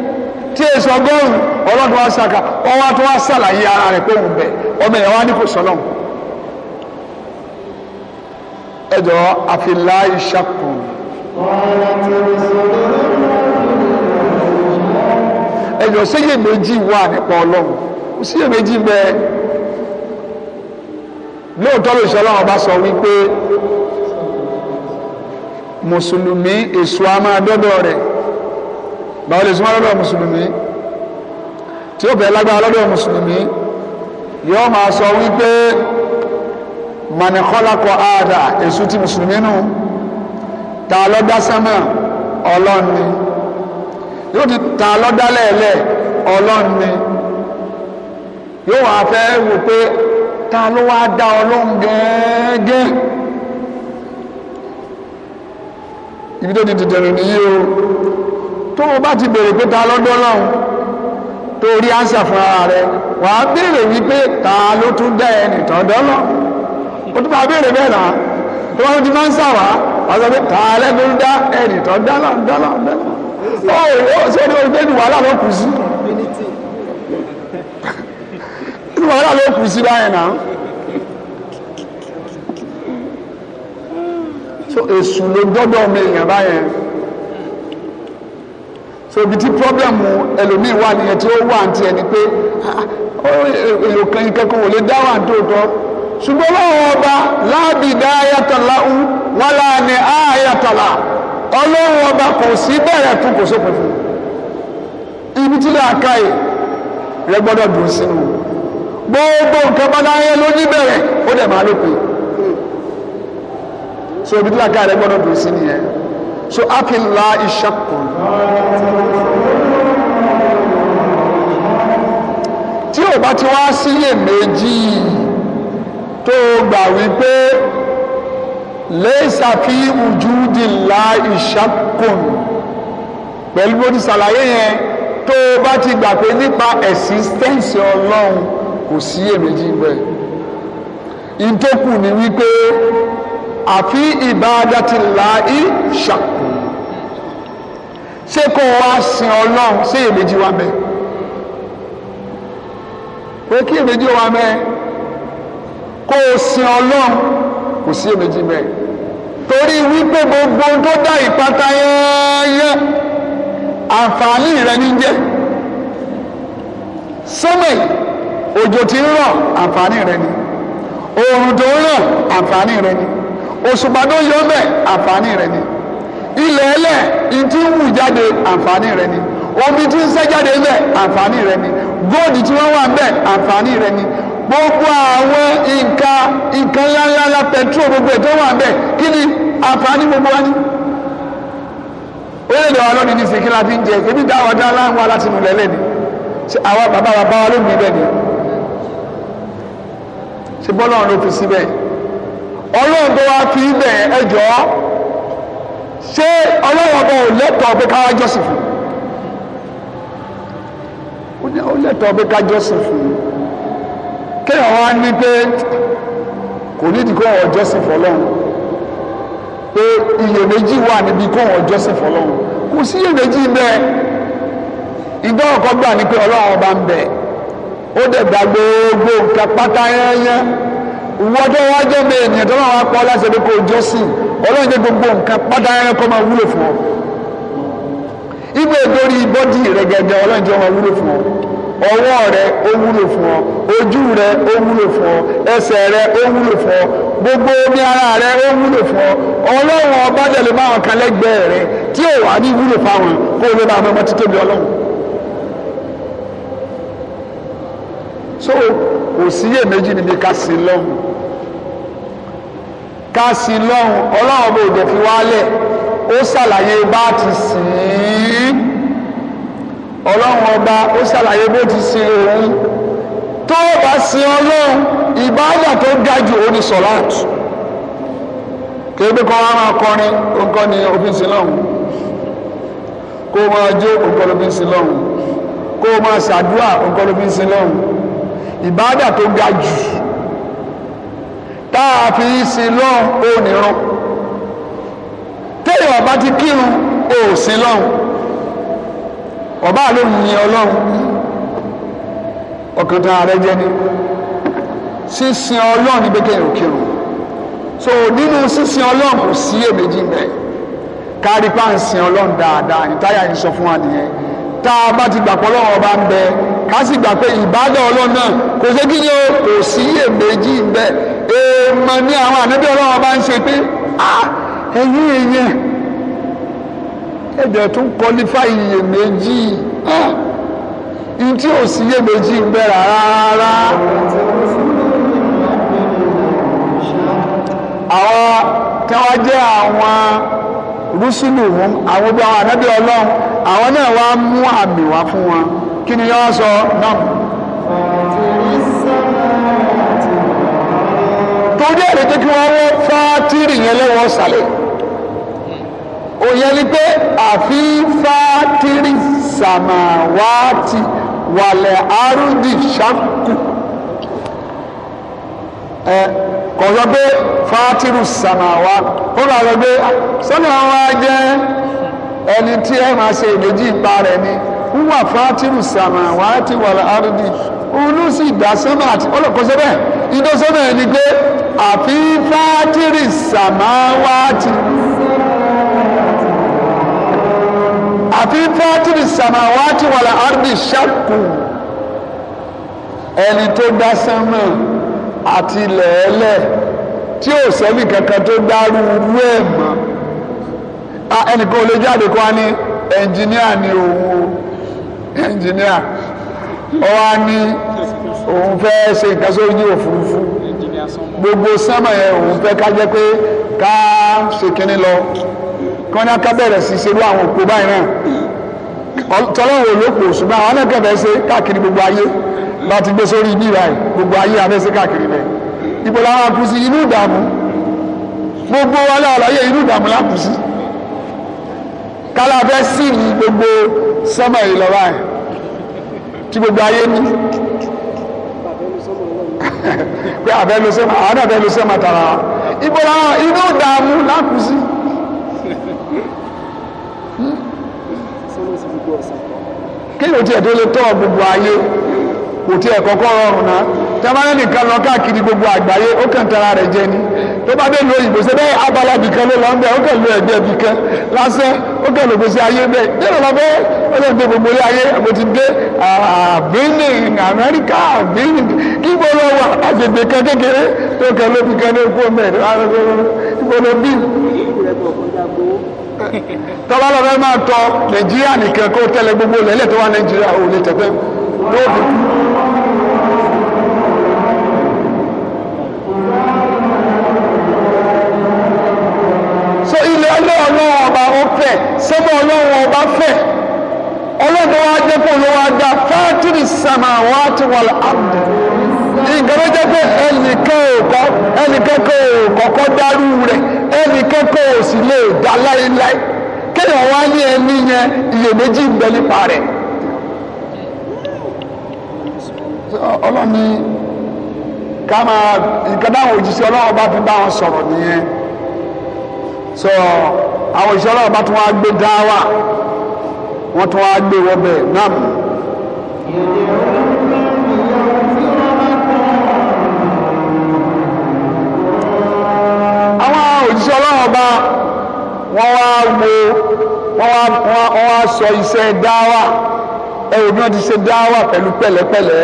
tí èso ọgọ́rùn ọlọ́dún wa ṣàkà ọwọ́ tó wá ṣàlàyé ara rẹ̀ pé òun bẹ̀ ọmọ ẹ̀ wá ní kò sọ́lọ́ ẹjọ́ àfilá ìṣàkùn. ẹjọ́ séyè méjì wà nípa ọlọ́run séyè méjì bẹ́ẹ̀ lóòótọ́ lóṣù ọlọ́run ọba sọ wípé mùsùlùmí èso a máa dọ́dọ̀ rẹ̀ báwo lè súnmọ́ lọ́dọ̀ mùsùlùmí tí ó bẹ̀rẹ̀ lágbára lọ́dọ̀ mùsùlùmí yóò máa sọ wípé mọ̀nìkọ́lákọ̀ àdà èṣù ti mùsùlùmí nù ta lọ́dá sánmà ọlọ́run ni yóò ti ta lọ́dá lẹ́ẹ̀lẹ́ ọlọ́run ni yóò wá fẹ́ wò pé ta ló wá dá ọlọ́run gẹ́gẹ́ ibi tó ti dìdẹ̀rù nìyí o tó o bá ti béèrè pé ta lọ́dọ́ lọ́hùn tó rí ánsà fún ara rẹ wàá béèrè wípé ta ló tún dá ẹnì tán dọ́lọ́ o tún máa béèrè bẹ́ẹ̀ náà tó wọn ti máa ń sà wá wàá sọ pé ta lẹ́nu dá ẹnì tán dọ́lọ́ dọ́lọ́ dọ́lọ́ ó ṣe ní orí bẹ́ẹ̀ni wàhálà ló so èsù ló gbọ́dọ̀ mi so ibi tí pọ́blẹ́mù ẹlòmíì wà nìyẹn tí ó wà ntí ẹni pé ah, ah, èrò kan ìkẹ́kọ̀ọ́ wò lè dá wà tóòtọ́ ṣùgbọ́n láwọn ọba láàbì dá ayatollah ń wọn là ní ayatollah ọlọ́run ọba kò sí bẹ̀rẹ̀ tún kò sópin fún ibi tí lè ka yìí rẹ gbọ́dọ̀ dùn sínú gbogbo nǹkan bá dáyé ló ní bẹ̀rẹ̀ ó dẹ̀ máa lópin so ibi tí lè ka yìí rẹ gbọ́dọ̀ dùn sí nìyẹn so apila ìṣàkó. tí o bá ti wá síyè méjì tó gbà wípé lẹ́sà fi ujúdìlá ìṣàkùn pẹ̀lú bó ti ṣàlàyé yẹn tó o bá ti gbà pé nípa ẹ̀sìstẹ́ǹsì ọlọ́run kò sí èméjì bẹ́ẹ̀ ìtòkù ni wípé àfi ìbádàtìlá ìṣàkùn ṣé kó o wá sin ọlọ́run ṣé èméjì wà bẹ́ẹ̀ pé kí èméjì wà bẹ́ẹ̀ kó o sin ọlọ́run kò sí èméjì bẹ́ẹ̀ torí wípé gbogbo tó dá ìpátá yẹ́ẹ́yẹ́ àǹfààní rẹ ní jẹ́ sọ́mẹ̀ òjò tí ń rọ̀ àǹfààní rẹ ni oòrùn tó ń rọ̀ àǹfààní rẹ ni òṣùpá tó yọ bẹ́ẹ̀ àǹfààní rẹ ni ilẹ̀ ẹlẹ̀ ìtí ń wù jáde àǹfààní rẹ ni omi tí ń sẹ́ jáde ńbẹ̀ àǹfààní rẹ ni góòdù tí wọ́n wà ńbẹ̀ àǹfààní rẹ ni gbogbo àwọn nǹkan nǹkan ńláńláńlá pẹtrol gbogbo ètò wà ńbẹ̀ kí ni àǹfààní gbogbo wa ni orílẹ̀-èdè wa lónìí ní sèké la fi ń jẹ ebi dáwọ́ dá láwọn aláṣẹ́nu lẹ́lẹ́ ni àwọn bàbá wa bá wa lónìí bẹ́ẹ̀ ni ṣe bọ́lọ́run ló fi síbẹ̀ ọlọ́run tó wá fi bẹ́ẹ̀ ẹjọ́ ṣé ọlọ́run ọba ò lẹ́tọ̀ọ́ pé káwá jọ́sìn fún un ó lẹ́tọ̀ọ́ pé ká jọ́sìn fún un kéèyàn wá ní pé kò nídìí kó ọ̀rọ̀ jọ́sìn fọlọ́run pé iyèméjì wà níbi kó ọ̀rọ̀ jọ́sìn fọlọ́run kò sí iyèméjì bẹ́ẹ̀ ìgbà ọ̀kọ́ gbà ní pé ọlọ́run ọba ń bẹ ó dẹ̀ gba gbogbo nǹkan pátá yányán ìwọ́dọ̀ wájọ́ mi ènìyàn tó máa wá pọ̀ láti ẹni kó jọ́sìn ọlọ́run jẹ́ gbogbo nǹkan pátá ẹranko máa wúlò fún ọ ibo ìdórí bọ́dì rẹ gẹ́gẹ́ ọlọ́run jẹ́ máa wúlò fún ọ ọwọ́ rẹ ó wúlò fún ọ ojú rẹ ó wúlò fún ọ ẹsẹ̀ rẹ ó wúlò fún ọ gbogbo omi ara rẹ ó wúlò fún ọ ọlọ́run ọba jẹ̀lẹ̀ máa kan lẹ́gbẹ̀ẹ́ rẹ tí ò wá ní wúlò fáwọn kó o lè máa mọ títóbi ọlọ́run. so kò síyè méjì níbi ká sí lọ́hùn ká sí lọ́hùn ọlọ́run bò dẹ̀ fi wálẹ̀ ó ṣàlàyé bá ti sìn ín ọlọ́run ọba ó ṣàlàyé bó ti sin òun tó o bá sin ọlọ́run ìbáàdà tó ga jù ó ní sọ̀láàtù kébé kan wá máa kọrin o ni òfin sí lọ́hùn kó o máa jó nǹkan lófin sí lọ́hùn kó o máa ṣàdúrà nǹkan lófin sí lọ́hùn ìbáàdà tó ga jù tá a fi sin lọ́hùn ó nírun téèyàn ọba ti kírun ó sin lọ́hùn ọba ló ń yin ọlọ́hùn ọkàn ààrẹ jẹ ni sísin ọlọ́hùn ní bẹ́ẹ̀ kéèyàn so nínú sísin ọlọ́hùn kò sí èméjì bẹ́ẹ̀ kárí pàǹsìn ọlọ́hùn dáadáa ìtayà yìí sọ fún wa nìyẹn tá a bá ti gbàpọ̀ lọ́wọ́ ọba ń bẹ́ẹ̀ ká sì gbà pé ìbádọ́ ọlọ́run náà kò sí kí ni o kò sí iyèméjì bẹ èèmọ̀ ni àwọn ànábì ọlọ́run bá ń ṣe pé ẹ̀yìn èèyàn ẹ̀jẹ̀ tún kọlífà iyèméjì ntí ò sí iyèméjì bẹ rárá. àwọn tí wọ́n jẹ́ àwọn rúṣùlù wọn àwọn obìnrin àwọn ànábì ọlọ́run àwọn náà wá mú àmì wá fún wọn kí ni yọ́ sọ náà torí ẹ̀rí pé kí wọ́n wọ́ fátírì yẹn lọ́wọ́ sàlẹ̀ òyìn ni pé àfi fátírì sàmàwátì wàlẹ̀ arúndì ṣàkù ẹ kò sọ pé fátírì sàmàwá ó bá pé ah, sọ́nà wa jẹ́ ẹni tí ẹ máa ṣe ìdèjì ìpa rẹ̀ ni wúwà fátírù sàmàwátì wàlà àrùdì òun ló sì dá sẹ́mà àti ọlọ́kọ̀ọ́sẹ́ bẹ́ẹ̀ ìdọ́sẹ́ bẹ́ẹ̀ ni pé àfi fátírì sàmàwátì àfi fátírì sàmàwátì wàlà àrùdì ṣàkù ẹni tó dá sẹ́mà àti lẹ́ẹ̀lẹ́ tí ò sẹ́ni kankan tó dárú irú ẹ̀ mọ́ ẹnìkan ò lè jáde kó wá ní ẹnjìníà ni òun o ẹnjìníà ó wá ní òun fẹ́ ṣe nǹkan sójú òfurufú gbogbo sánmà yẹn òun fẹ́ ká jẹ́ pé ká ṣe kínní lọ kọ́nyá ká bẹ̀rẹ̀ sí ṣerú àwọn òpó báyìí náà tọ́lọ́wọ̀ olóko ṣùgbọ́n àwọn náà kẹfẹ́ ṣe káàkiri gbogbo ayé bá ti gbé sórí ibi ìwà yìí gbogbo ayé abẹ́ ṣe káàkiri rẹ̀ ipò làwọn akùsí inú ìdààmú gbogbo wa láàlàyé inú ìdààmú lákùsí kálá fẹ́ sí ní gbogbo sọmọ yìí lọ báyìí tí gbogbo ayé ní pé àbẹ́lu sọmọ àwọn sọmọ tara ìbọ̀lá inú dààmú lákùsí. lè tọ́ gbogbo ayé kò kọ́kọ́ rọrùn náà tó bá dé lu òyìnbó ṣe bẹ́ẹ̀ abala bìkan ló lọ ń bẹ ó kàn lu ẹ̀gbẹ́ bìkan lásán ó kàn ló gbèsè ayé bẹ́ẹ̀ dẹ́rọ la bẹ́ẹ̀ ó lè dé gbogbo ilé ayé mo ti dé àbílìn Amẹ́ríkà àbílìn kí mo lọ wà àgbègbè kan kékeré tó kàn ló bìkan ní ikú mẹ́rin ibo ló bí tọ́lá lọ fẹ́ máa tọ Nàìjíríà nìkan kó tẹ́lẹ̀ gbogbo lẹ́lẹ̀ tó wà Nàìjíríà ò lè tẹ̀fẹ́ lóògùn. sọ́bọ̀ ọlọ́run ọba fẹ́ ọlọ́run wa jẹ́ pé olówó adá fátìrì sàmà wà á ti wà láàbù nǹkan tó jẹ́ pé ẹnìkan ò kọ́kọ́ dárú rẹ̀ ẹnìkan kò sì lè dá láéláé kéèyàn wá ní ẹni yẹn iyèméjì ń bẹ nípa rẹ̀ ọlọ́ni ká máa nǹkan táwọn òjíṣẹ́ ọlọ́run bá fi bá wọn sọ̀rọ̀ nìyẹn so àwọn òṣìṣẹ́ ọlọ́run bá tún wá gbé dáwà wọ́n tún wá gbé wọ́bẹ̀ náà. àwọn òṣìṣẹ́ ọlọ́run bá wọ́n wá wo wọ́n wá sọ iṣẹ́ dáwà ẹ̀rù bí wọ́n ti ṣe dáwà pẹ̀lú pẹ̀lẹ́pẹ̀lẹ́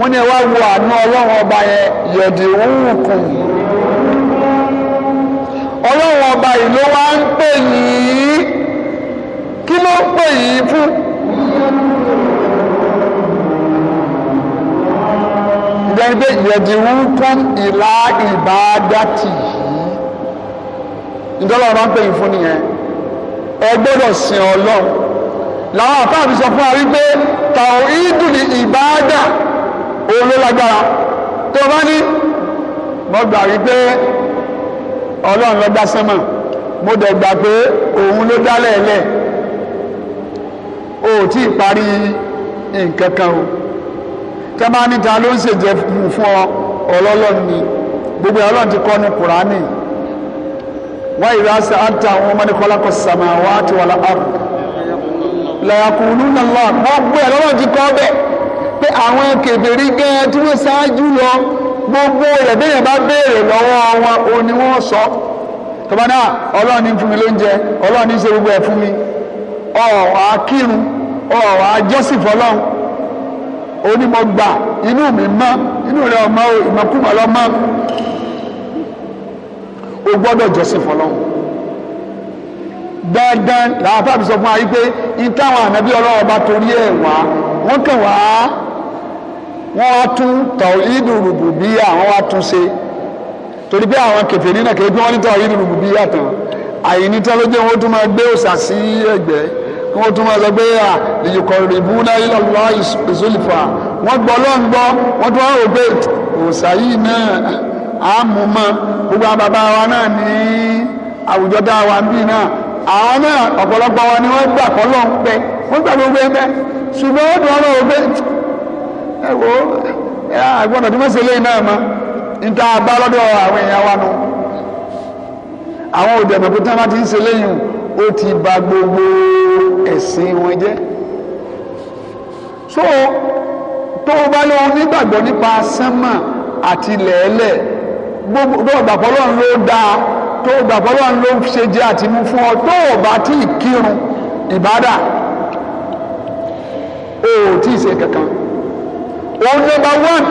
wọ́n ní ẹ wá wo àánú ọlọ́run ọba yẹn yẹ̀dì òun kùn ọlọ́run ọba yìí ló wá ń pè yìí kí ló ń pè yìí fún. ìdẹ́ni pé yẹ̀dìrú kún ìlà ìbádàtì yìí ìdọ́lọ́ ọba ń pè yìí fún nìyẹn ẹ gbọ́dọ̀ sìn ọlọ́run làwọn àfáàbí sọ fún wa wípé tàwọn ìdùnnú ìbádà òun tó bá ní mo wípé ọlọ́run ló dá sánmà mo dẹ̀ gbà pé òun ló dá lẹ́ẹ̀lẹ́ o ò tí ì parí nǹkan kan o tẹ́ bá níta ló ń ṣèjẹ́ fún ọ ọlọ́lọ́run ni gbogbo ọlọ́run ti kọ́ ní kùránì wá ìrásá àti àwọn ọmọdé kọ́lákọ̀ sàmà wá àti wàlá àrùn làyàkùnrin náà lọ́wọ́ gbogbo ẹ̀ lọ́wọ́ ti kọ́ bẹ́ẹ̀ pé àwọn kèbèrè gan tí wọ́n ṣáájú lọ gbogbo rẹ̀ bẹ́ẹ̀ bá béèrè lọ́wọ́ wọn o ni wọ́n sọ tọ́ba náà ah, ọlọ́run ní fún mi lóúnjẹ ọlọ́run ní ṣe gbogbo ẹ̀ fún mi ọ̀wà kírun ọ̀wà jọ́sìn fọlọ́run onímọ̀gbà inú mi mọ́ inú rẹ̀ ọmọ ìmọ̀kùmọ̀ lọ́mọ o gbọ́dọ̀ jọ́sìn fọlọ́run dandan làwọn fábí sọ fún wa yìí pé ní táwọn ànábí ọlọ́wọ́ bá torí ẹ̀ wá wọ́n kàn wá wọ́n wá tún tawhid rububiyya wọ́n wá tún ṣe torí pé àwọn kèfèrí náà kéde pé wọ́n ní tawhid rububiyya tán àyíní tẹ́lódé wọ́n tún máa gbé òòṣà sí ẹ̀gbẹ́ wọ́n tún máa sọ pé à ìyíkọ̀ rìbú náà ilẹ̀ lọ́ ìsọlìfà wọ́n gbọ́ lọ́n gbọ́ wọ́n tún wá rò pé òòṣà yìí náà á mú gbogbo àwọn wa náà ní àwùjọ dá wa ń náà àwọn náà ọ̀pọ̀lọpọ̀ wa ni wọ́n gbà kọ́ lọ́n pẹ́ wọ́n gbà gbogbo ẹgbẹ́ ṣùgbọ́n ẹ wo àgbọ̀nà tí wọ́n ṣe léyìn náà mọ́ níta bá lọ́dọ̀ àwọn èèyàn wa nu àwọn òde ọ̀nà pété wọn ti ń ṣe léyìn ó ti bà gbogbo ẹ̀sìn wọn jẹ́ so tó o bá lọ nígbàgbọ́ nípa sánmà àti lẹ́ẹ̀lẹ̀ gbogbo tó o gbà fọlọ́ ń ló dáa tó o gbà fọlọ́ ń ló ṣe jẹ́ àti mú fún ọ tó o bá tí ì kírun ìbádà o ò tí ì ṣe kankan òun nọ́mbà one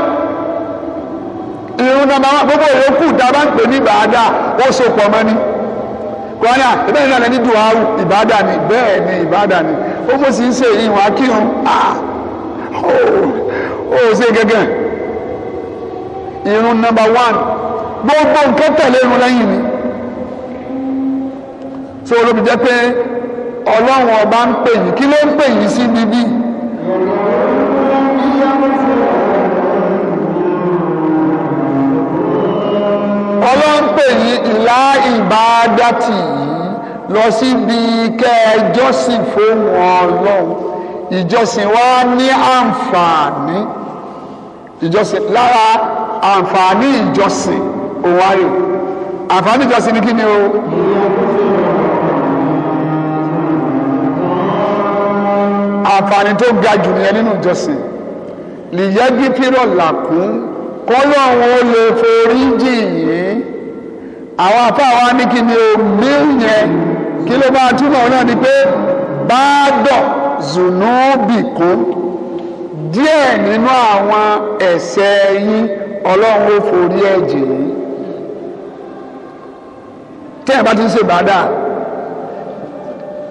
irun nọ́mbà one gbogbo ìyókù dábà ń pè ní ìbáadá ó so pọ̀ mọ́ ni kọ́nà ìbẹ́ẹ̀ náà ní duwawu ìbáadá ni bẹ́ẹ̀ ni ìbáadá ni ó mú sí ń ṣe ìwà kírun ó ṣe gẹ́gẹ́ irun nọ́mbà one gbogbo nǹkan tẹ̀lé irun lẹ́yìn ni so olóbi jẹ́ pé ọlọ́run ọba ń pè yín kí ló ń pè yín sí bíbí. pè ní ìlà ìbádàtì yìí lọ síbi kẹjọsìn fóun Ọlọ́run ìjọsìn wa ní àǹfààní ìjọsìn lára àǹfààní ìjọsìn òun ayò àǹfààní ìjọsìn ni kí o. àǹfààní tó ga jù nìyẹn nínú ìjọsìn lìyẹ́gí pírọ̀ làkún kọ́lọ́hún ó lè forí jì yín àwọn àfa wa ní kí ni omi yẹn kí ló máa túmọ̀ náà ni pé bá dọ̀ zùnúbì kó díẹ̀ nínú àwọn ẹ̀ṣẹ̀ yín ọlọ́run ó forí ẹ̀jẹ̀ yìí tẹ́ ẹ̀ bá ti ń ṣe bàdà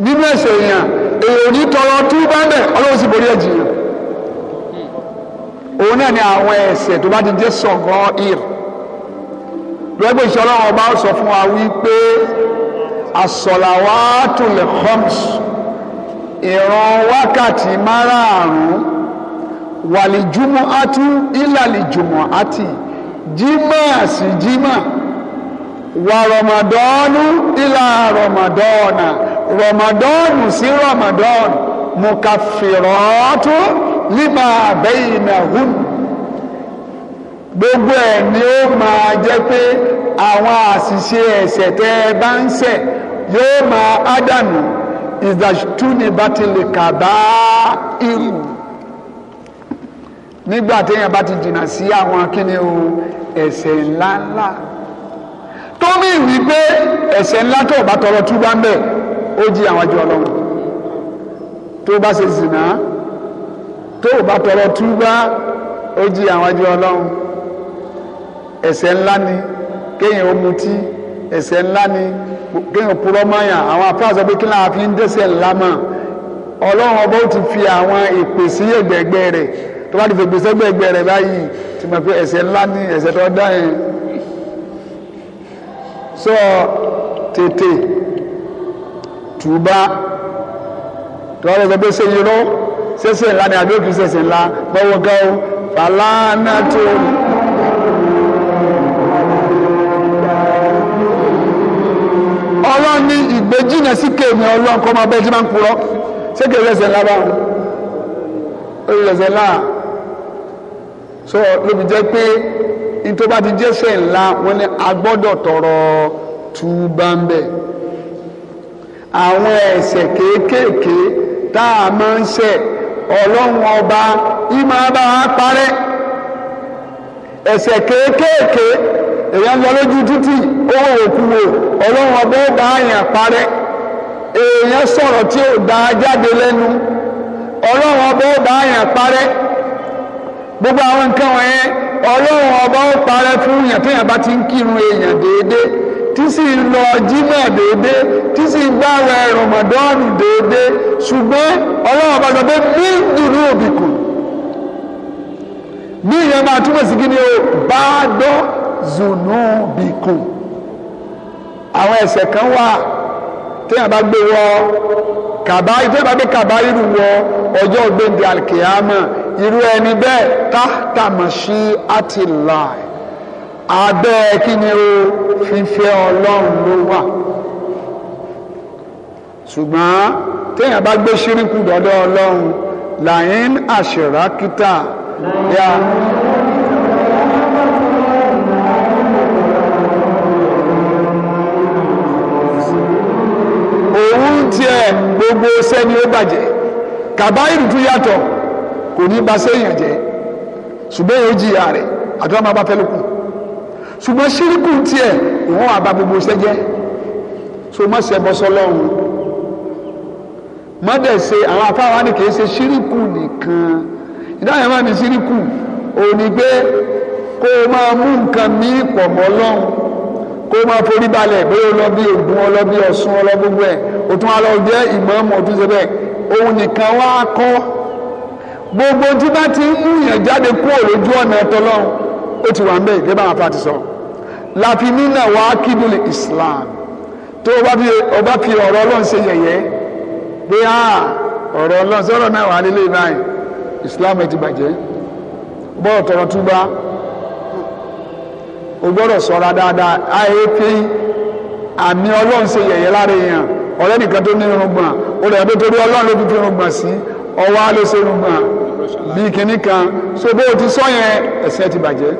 nínú ẹ̀ṣẹ̀ èèyàn èèyàn ní tọrọ tú bá ń bẹ̀ ọlọ́run sì borí ẹ̀jẹ̀ yìí òun náà ni àwọn ẹ̀ṣẹ̀ tó bá ti jẹ́ sọ̀gọ́ ìrù gbẹ́gbẹ́ ìṣẹ́ ọlọ́run ọba sọ fún wa wípé as-salawatul khams ìran wákàtí márààrún wàlìjúmọ́ atú ìlàlìjúmọ́ àti jímọ̀ sí jímọ̀ wà rọmọdọ́ọ̀nù ìlà rọmọdọ́ọ̀nà rọmọdọ́ọ̀nù sí rọmọdọ́ọ̀nù mùkàfìrọ́ọ̀tún lima baynahun gbogbo ẹ̀ ni ó máa jẹ́ pé àwọn àṣìṣe ẹ̀ṣẹ̀ tẹ́ ẹ bá ń ṣẹ̀ yóò máa ádànù ìdàtúni bá ti lè kà bá irú nígbà téèyàn bá ti jìnnà sí àwọn akíní o ẹ̀ṣẹ̀ ńláńlá tó mí wí pé ẹ̀ṣẹ̀ ńlá tó bá tọrọ túbá ń bẹ ó jí àwọn àjọ Ọlọ́run tó bá ṣe zìnà tó bá tọrọ túbá ó jí àwọn àjọ Ọlọ́run ẹ̀ṣẹ̀ ńlá ni kéèyàn ó mutí ẹ̀ṣẹ̀ ńlá ni kéèyàn purọ́ mọ́yàn àwọn afáàsọ pé kí láwọn fi ń dẹ́ṣẹ̀ ńlá mọ́ ọlọ́run ọba ó ti fi àwọn ìpè sí ẹgbẹ̀gbẹ̀ rẹ̀ tó bá ti fi gbèsè gbẹ̀gbẹ̀ rẹ̀ báyìí ti mọ̀ pé ẹ̀ṣẹ̀ ńlá ni ẹ̀ṣẹ̀ tó dá yẹn sọ tètè tùbá tó bá ti sọ pé ṣe irọ́ ṣẹ̀ṣẹ̀ ńlá ni àbí òkè ṣẹ̀ṣẹ̀ ńlá gbọ́wọ́ gáwó fàlànà tó. gbé jìnnà sí kéèmì ọlọ́run kọ́ máa bẹ́ẹ̀ tí máa ń purọ́ ṣé kéèmì ẹsẹ̀ ńlá bá wọn olè ẹsẹ̀ ńlá so lóbi jẹ́ pé nítorí bá ti jẹ́sẹ̀ ńlá wọn ni a gbọ́dọ̀ tọrọ túbá ń bẹ̀ àwọn ẹ̀ṣẹ̀ kéékèèké tá a máa ń ṣẹ̀ ọlọ́run ọba ìmọ̀ bá wa parẹ́ ẹ̀ṣẹ̀ kéékèèké èèyàn lọ lójú títì owó òkúwo ọlọ́run ọbẹ̀ bá àyàn parẹ́ èèyàn sọ̀rọ̀ tí ò dáa jáde lẹ́nu ọlọ́run ọbẹ̀ bá àyàn parẹ́ gbogbo àwọn nǹkan wọ̀nyẹn ọlọ́run ọba ó parẹ́ fún yàn téèyàn bá ti ń kírun èèyàn déédéé tí sì ń lọ jímọ̀ déédéé tí sì ń gbààwẹ̀ rọ̀mọ̀dọ́ọ̀nù déédéé ṣùgbọ́n ọlọ́run ọba sọ pé mí dùnú òbí kù bí ìyẹn máa túmọ̀ sí kí ni o bá dán zunubikum àwọn ẹ̀ṣẹ̀ kan wà téèyàn bá gbé wọ kàbá téèyàn bá gbé kàbá irú wọ ọjọ́ gbèǹde alikiyama irú ẹni bẹ́ẹ̀ tahta mashiatillah abẹ́ kí ni o fífẹ́ ọlọ́run ló wà ṣùgbọ́n téèyàn bá gbé ṣíríkù dọ́dọ̀ ọlọ́run làyín àṣírákítà yá. Yeah. tiẹ̀ gbogbo sẹ́ni ó bàjẹ́ kàbáyìrì tún yàtọ̀ kò ní ba séèyàn jẹ́ ṣùgbọ́n èyí jìyà rẹ̀ àdúrà máa bá fẹ́ lókun ṣùgbọ́n ṣíríkù tiẹ̀ ìwọ́n àbá gbogbo iṣẹ́ jẹ́ so má ṣe bọ́sọ́ lọ́run má dẹ̀ ṣe àwọn afáwa ni kì í ṣe ṣíríkù nìkan ìdáhùn máa ní ṣíríkù òun ni pé kó o máa mú nǹkan mí pọ̀ mọ́ lọ́run kó o máa forí balẹ̀ bóyá o lọ bí Ògún o lọ bí Ọ̀ṣun o lọ gbogbo ẹ̀ o tún wá lọ jẹ́ ìmọ̀ọ́mọ̀ o tún ṣe bẹ́ẹ̀ òun nìkan wá kọ́ gbogbo tí bá ti ń yàn jáde kúrò lójú ọ̀nà tọlọ́run ó ti wà ń bẹ́ẹ̀ bá wọn fa sọ láfi nínà wá kíbùlì Islam tó o bá fi ọ̀rọ̀ Ọlọ́run ṣe yẹ̀yẹ́ pé ọ̀rọ̀ Ọlọ́run sọ̀rọ̀ náà wà nílé báyìí Islam ẹ ti bàjẹ́ bọ́ọ̀ tọrọ túbá o gbọ́dọ̀ ṣọ́ra dáadáa àyè pé àmì ọlọ́run ṣe yẹ̀yẹ́ lára èèyàn ọ̀rẹ́ nìkan tó ní irùngbọ̀n ó lè yàgbé torí ọlọ́run ló fi fi irùngbọ̀n sí ọwọ́ á ló ṣe irùngbọ̀n bíi kìnnì kan so bó o ti sọ yẹn ẹ̀ṣẹ̀ ti bàjẹ́.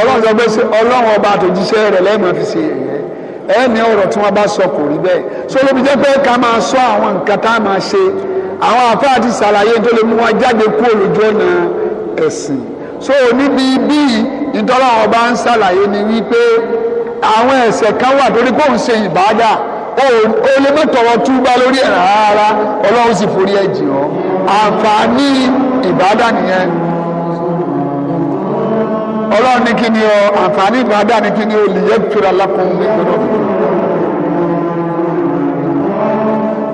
ọlọ́run sọ pé ọlọ́run ọba àtòjíṣẹ́ rẹ̀ lẹ́ẹ̀mọ́ fi ṣe yẹ̀yẹ́ ẹni ọ̀rọ̀ tí wọ́n bá sọ kò rí bẹ́ẹ̀ so lóbi jẹ́ pé ká máa sọ àwọn nǹkan tá a máa ṣe àwọn àfáà ti ṣàlàyé tó lè mú wọn jáde kú olùjọ ọ̀nà ẹ̀sìn so níbi bíi ìtọ́lá wọn bá ń ṣàlàyé ni wípé àwọn ẹ̀ṣẹ̀ kan wà torí pé òun ṣe ìbádà o lè má tọrọ túbá lórí ẹ̀ rárá ọlọ́run sì forí ẹ̀ jì ọ́ àǹfààní ìbádà nìyẹn ọlọ́run ní kí ni ọ àǹfààní ìfàdà ní kí ni o lè yẹ fìrà lápọn ní gbọdọ̀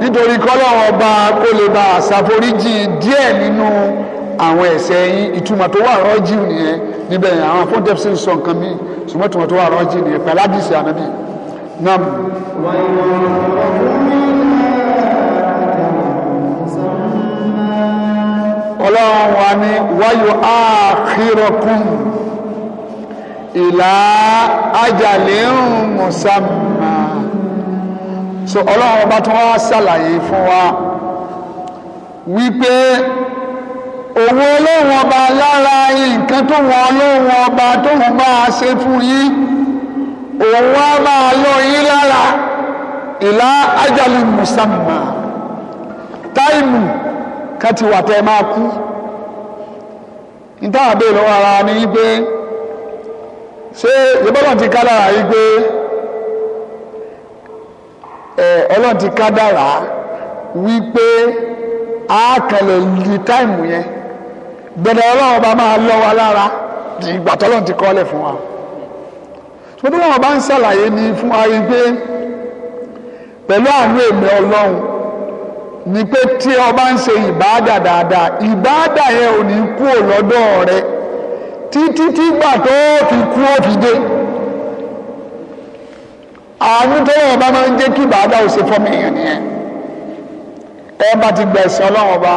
nítorí kọ́lọ́run ọba kó lè ba àṣàforíjì díẹ̀ nínú àwọn ẹ̀ṣẹ̀ yín ìtumọ̀ tó wà rọ́jì nìyẹn níbẹ̀ yẹn àwọn fún dẹ́pẹ́sì sọ nǹkan mi ṣùgbọ́n ìtumọ̀ tó wà rọ́jì nìyẹn pẹ̀lú ànábì nam. ọlọ́run wa ní wáyọ̀ áàkìrọ̀kùn. ìlà ajalẹ̀ ń mùsàmà so ọlọ́run ọba tó wá ṣàlàyé fún wa wípé owó ọlọ́run ọba lára nǹkan tó wọn ọba tó wọn bá ṣe fún yín òun wá máa lọ yín lára ìlà ajalẹ̀ mùsàmà táìmù máa kú ṣé ìbọ́lọ̀ ti ká dára yìí pé ọlọ́run ti ká dára a kẹlẹ̀ di táìmù yẹn gbẹ̀dẹ̀ ọlọ́run ọba máa lọ wa lára ìgbà fún wa ṣùgbọ́n ń ṣàlàyé fún wa yìí pé pẹ̀lú àánú ọba ń ṣe ìbáàdà dáadáa ìbáàdà yẹn ò ní lọ́dọ̀ títí tí gbà tó fi kú ó fi dé àánú tó yẹ ọba máa ń jẹ́ kí bàbá ò ṣe fọmọ èèyàn nìyẹn ẹ bá ti gba ẹ̀sìn ọlọ́run ọba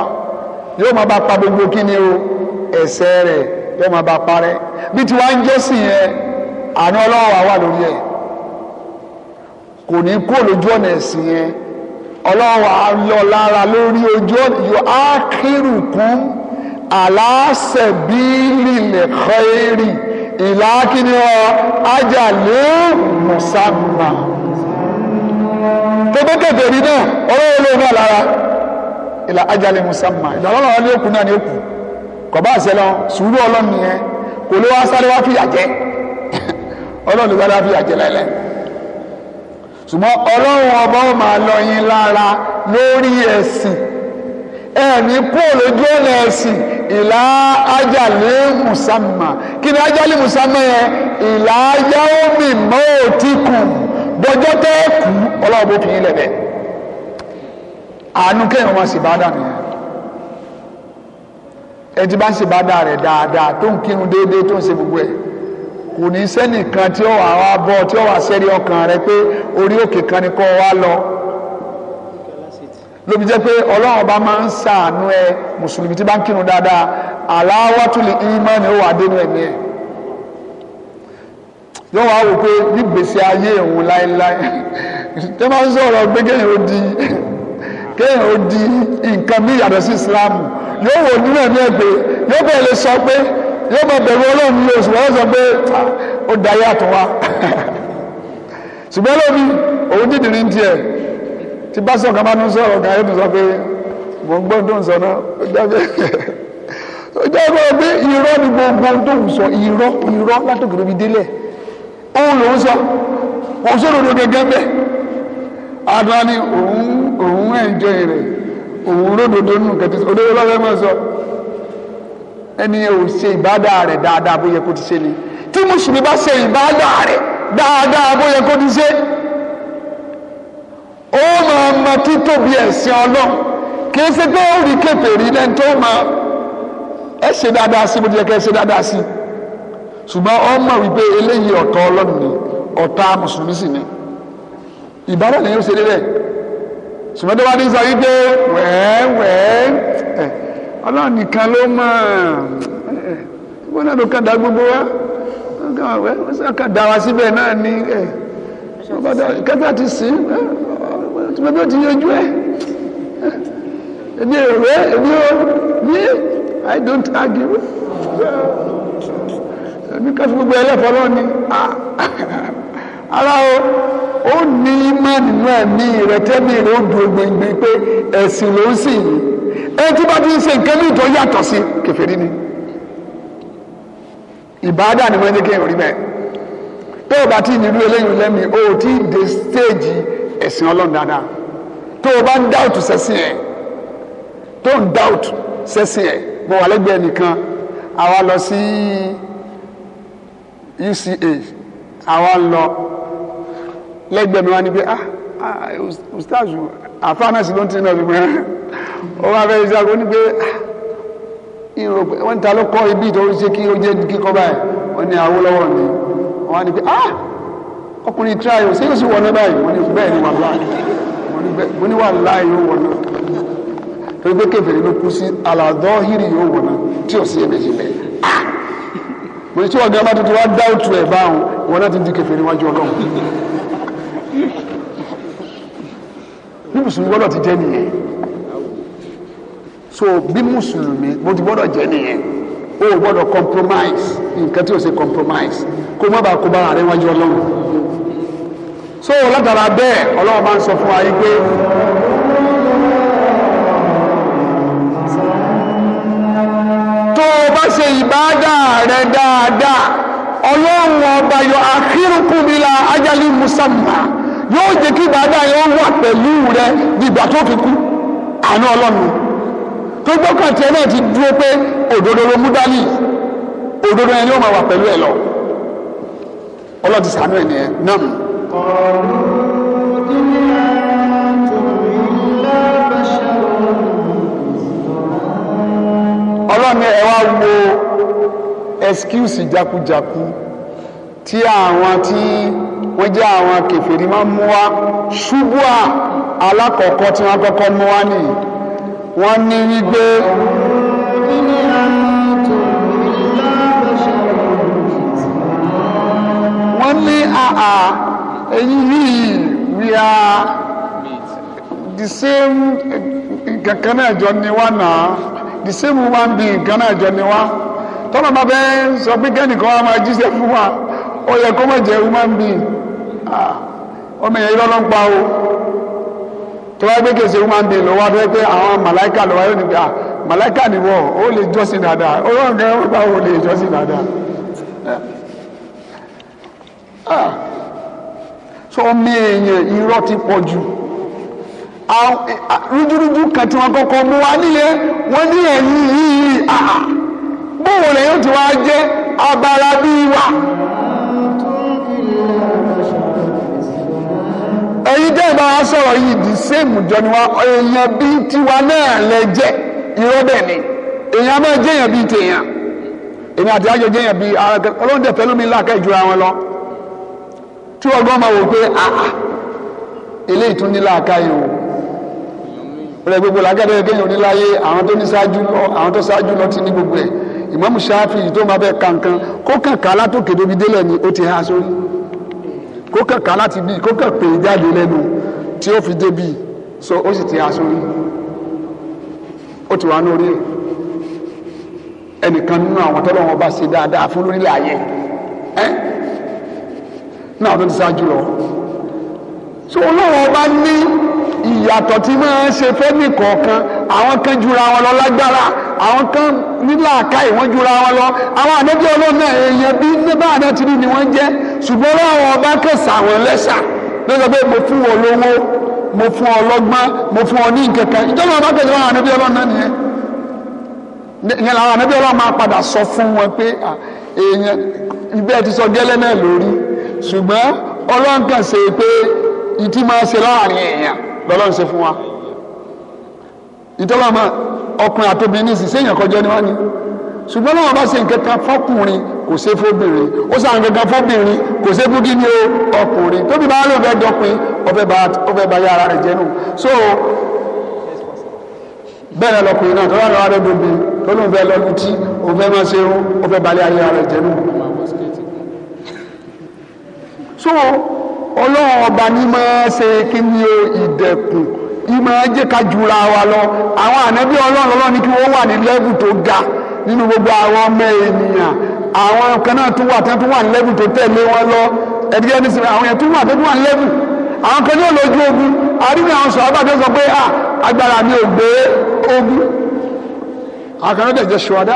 yóò máa bá pa gbogbo kí ni o ẹ̀ṣẹ̀ rẹ̀ yóò máa bá parẹ́ bí tí wàá ń jọ́sìn yẹn àánú ọlọ́run wà wà lórí ẹ̀ kò ní kú lójú ọ̀nà ẹ̀sìn yẹn ọlọ́run wà lọ lára lórí ojú ọ̀nà yóò á kérù kún aláṣẹbílì lẹ́kọ́ẹ́rì ìlàkínníwọ̀ ajalè mùsàmà. tó bá kẹfẹ́ rí náà ọ̀rọ̀ yẹn ló ń bá lára ìlà ajalè mùsàmà ìdánwò náà ní òkú náà ní òkú kọ̀bá àṣẹlọ sùúrù ọlọ́run nìyẹn kò ló wá sáré wá fìyà jẹ ọlọ́run ló sáré wá fìyà jẹ lẹ́lẹ́ ṣùgbọ́n ọlọ́run ọba ọ̀ máa lára lórí ẹ̀sìn ẹ̀mí kúrò lójú ọ̀nà ẹ̀sìn ìlà ajalè musamman. kí ni ajalè musamma yẹn ìlà yaomi mọ́ọ̀tìkù bọ́jọ́ tẹ́ kú ọlọ́run bó fi lẹ́bẹ̀ẹ́ àánú kéèyàn wọn sì bá dà nìyẹn ẹ bá ń bá dà rẹ̀ dáadáa tó ń kírun gbogbo ẹ kò ní sẹ́nìkan tí ó wà tí ó wà sẹ́rí ọkàn rẹ pé orí wa lọ. lóbi jẹ́ pé ọlọ́run bá máa ń sàánú ẹ mùsùlùmí tí bá ń kírun dáadáa aláwọ̀túlì ìmánì ó wà dénú ẹ̀mí ẹ̀ yóò wá wò pé nígbèsè ayé òun láéláé tó máa ń sọ̀rọ̀ pé kéèyàn ó di kéèyàn ó di nǹkan bí yàtọ̀ sí Islam yóò wò nínú ẹ̀mí ẹ̀ pé yóò bẹ̀rẹ̀ lè sọ pé yóò bẹ̀ bẹ̀rù ọlọ́run ní oṣù wọ́n sọ pé ah, ó dayé àtúwá ṣùgbọ́n lómi òun dídìrín tiẹ̀ tí bá sọ kan bá ń sọ̀rọ̀ kan yóò tún sọ pé mò ń gbọ́ tó ń sọ náà ó jábẹ́ ó jábẹ́ pé irọ́ ni gbogbo tó ń sọ irọ́ irọ́ látòkèrè mi délẹ̀ òun lòún sọ òun sọ̀rọ̀ ló gẹ́gẹ́ bẹ́ẹ̀ adúlá ni òun òun ẹ̀jọ́ rẹ̀ òun ródòdó nù kẹ́tí olówó lọ́wọ́ máa sọ ẹni ò ṣe ìbádà rẹ̀ dáadáa bó yẹ kó ti ṣe ni tí mùsùlùmí bá ṣe ìbádà rẹ̀ dáadáa bó yẹ kó ti ṣe ni ó máa ma títóbi ẹ̀sìn ọlọ́run kì í ṣe pé ó rí kèfèrí lẹ́ni tó máa ẹ ṣe dáadáa sí bó ti yẹ kẹ́ ẹ ṣe dáadáa sí ṣùgbọ́n ó mọ̀ wípé eléyìí ọ̀tá ọlọ́run ni ọ̀tá mùsùlùmí sì ni ìbára lẹ́yìn ó ṣe dé bẹ́ẹ̀ ṣùgbọ́n tó bá dé sọ wípé wẹ́ẹ́wẹ́ẹ́ ọlọ́run nìkan ló mọ̀ ẹ̀ wọ́n náà ló kàn dá gbogbo wa wọ́n kàn dá wa síbẹ̀ náà ní ẹ̀ ti sìn tí mo ti yanjú ẹ èmi ò rẹ èmi ní i don't argue èmi kàn fún gbogbo ẹlẹ́fọ́ lọ́wọ́ ni ara o ó ní imáàdì náà ní ìrẹtẹ́bí rẹ ó dúró gbìngbìn pé ẹ̀sìn ló ń sìn yìí ẹ tí bá ti ń ṣe nǹkan ní ìtọ́ yàtọ̀ sí kèfèrí ni ìbáadà ni wọ́n ní kéèyàn rí bẹ́ẹ̀ tó o bá ti nílùú eléyìí lẹ́mìí o ò dé stéèjì ẹ̀sìn ọlọ́run dáadáa tó o bá ń dáùtù sẹ́sìn ẹ̀ tó ń dáùtù sẹ́sìn ẹ̀ mo wà lẹ́gbẹ̀ẹ́ nìkan àwa lọ sí UCA àwa lọ lẹ́gbẹ̀ẹ́ mi wá ní pé ah, ah ustaz àfáànàsì ló ń tẹ̀lé ọ̀dùnmọ́ rẹ̀ ó wá fẹ́ ṣe àgọ́ ní pé ah, wọ́n ta ló kọ́ ibi ìtọ́jú ṣe kí ó jẹ́ kíkọ́ báyìí wọ́n ní Awólọ́wọ̀ ni wọ́n á ní ah ọkùnrin tíráyò ṣé yóò sì wọ náà báyìí wọ́n ní bẹ́ẹ̀ ni wà láàyè wọ́n ní wà láàyè yóò wọ náà torí pé kèfèrí ló kú sí aladọ́hìrì yóò wọ náà tí ò sí ẹ̀mẹ́jì bẹ́ẹ̀ mo ní tí wọ́n gbé ọba tuntun wá dá òtù ẹ̀ báwọn wọn náà ti di kèfèrí níwájú Ọlọ́run bí mùsùlùmí gbọ́dọ̀ ti jẹ́ nìyẹn so bí mùsùlùmí mo ti gbọ́dọ̀ jẹ́ nìyẹn o gbọ́dọ̀ compromise nǹkan tí o ṣe compromise kó má bàa kó bá àárín wájú Ọlọ́run so látara bẹ́ẹ̀ ọlọ́run ń sọ fún wa pé. tó o bá ṣe ìbáadà rẹ dáadáa ọlọ́run ọba yọ àkírùkùnmílà ajálì musamma yóò jẹ́ kí ìbáadà yẹn wà pẹ̀lú rẹ dìgbà tó fi kú àánú ọlọ́run tó gbọ́kàn tiẹ̀ náà ti dúró pé òdodo ló mú dání òdodo yẹn ni ó máa wà pẹ̀lú ẹ lọ ọlọ́run ti ẹ̀ nìyẹn náà ọlọ́ni ẹ wá wo ẹskíùsì jakujaku tí àwọn tí wọ́n jẹ́ àwọn kèfèrí máa ń mú wá ṣubú à alákọ̀ọ́kọ́ tí wọ́n kọ́kọ́ mú wá nìyí wọ́n ní wípé wọ́n ní àà ẹ̀yin yìí we are the same kankan náà jọ ni wá náà the same woman being kan náà jọ ni wá tọ́lá bá fẹ́ sọ pé kẹ́nìkan wa máa jíṣẹ́ fún wa ó yẹ kó má jẹ́ woman being ọmọ èèyàn irọ́ ló ń pa o tó wáá gbé kèsì woman being ló wá fẹ́ pé àwọn màláìka ló wáyé níbi màláìka ni wọ́n ó lè jọ́sìn dáadáa ó lọ́n kẹ́ wọ́n gbà ó lè jọ́sìn dáadáa sọmi èèyàn irọ́ ti pọ̀ jù rújúrújú kan tí wọ́n kọ́kọ́ mú wa nílé wọ́n ní ẹ̀yìn yìí àhà bóun rẹ̀ yóò ti wá jẹ́ abala bíi wa. ẹ̀yin tẹ́ ẹ sọ̀rọ̀ yìí di sẹ́ẹ̀mù jọ ni wa èèyàn bíi tiwa náà lẹ jẹ́ irọ́ bẹ́ẹ̀ ni èèyàn máa jẹ́yàn bíi tèèyàn èmi àti àjọ jẹ́yàn bíi ara pẹ̀lú mi láàkẹ́ ìjura wọn lọ tí wọ́n gbọ́n máa wò pé àà ah, ah, eléyìí tún ní làákàyè o rẹ gbogbo làákàyè kéèyàn níláyé àwọn tó ní ṣáájú lọ àwọn tó ṣáájú lọ ti ní gbogbo ẹ̀ ìmáàmù ṣááfì tó máa bẹ́ẹ̀ ka kó kàn ká látòkè délẹ̀ ni ó ti há sórí kó kàn ká láti bí kó kàn pè é jáde lẹ́nu tí ó fi débi so ó sì ti há sórí ó ti wà lórí ẹ̀ ẹnìkan nínú àwọn tọ́lọ́wọ́n bá ṣe dáadáa fún lórílẹ̀ ayé ẹ́ náà ló ti lọ. so olóòwò bá ní ìyàtọ̀ tí máa ń ṣe fẹ́mi kọ̀ọ̀kan àwọn kan jura wọn lọ lágbára àwọn kan nílàáká ìwọ́n jura wọn lọ àwọn àdébí olóòwò náà èèyàn bí nígbà náà ti rí ni wọ́n jẹ́ ṣùgbọ́n láwọn ọba kẹsà wọn lẹ́sà lọ́sọ̀ pé mo fún wọn lówó mo fún ọ lọ́gbọ́n mo fún ọ ní nǹkankan ìjọba ọba kẹsà wọn àdébí olóòwò náà nìyẹn ìyẹn làwọn àdébí olóòwò máa padà sọ fún wọn pé èèyàn ibẹ̀ ti sọ gẹ́lẹ́ náà lórí ṣùgbọ́n ọlọ́run kàn ṣe pé ìtì máa ṣe láàrin èèyàn lọ́lọ́run ṣe fún wa ìtọ́lọ́mọ ọkùnrin àtòbí ní ìsìn séèyàn kọjá ni wọ́n ní ṣùgbọ́n láwọn bá ṣe nǹkan kan fọkùnrin kò ṣe fóbìnrin ó ṣe àwọn kankan fóbìnrin kò ṣe fún kíni o ọkùnrin tóbi bá lóun fẹ́ dọ́pin ọfẹ́ bá yá ara rẹ̀ jẹ́nu so bẹ́ẹ̀ lọkùnrin náà tó wà lọ́wọ́ rẹ̀ dòbí tó lóun fẹ́ lọ́lùtí òun fẹ́ máa ṣe irun ọfẹ́ bá yá ara rẹ̀ jẹ́nu so ọlọ́run ọba ní máa ṣe kí ni o ìdẹ̀kùn ìmọ̀ ẹjẹ́ ká jura wa lọ àwọn ànábí ọlọ́run ọlọ́run ní kí wọ́n wà ní lẹ́bù tó ga nínú gbogbo àwọn ọmọ ènìyàn àwọn kan náà tún wà tán tún wà ní lẹ́bù tó tẹ̀lé wọn lọ ẹ̀dígẹ́ ní sinmi àwọn yẹn tún wà tó tún wà ní lẹ́bù àwọn kan ní olójú ogun àdínní àwọn sọ̀rọ̀ àbájọ sọ pé ah agbára mi ò gbé ogun àwọn kan jẹ́ ṣùwádà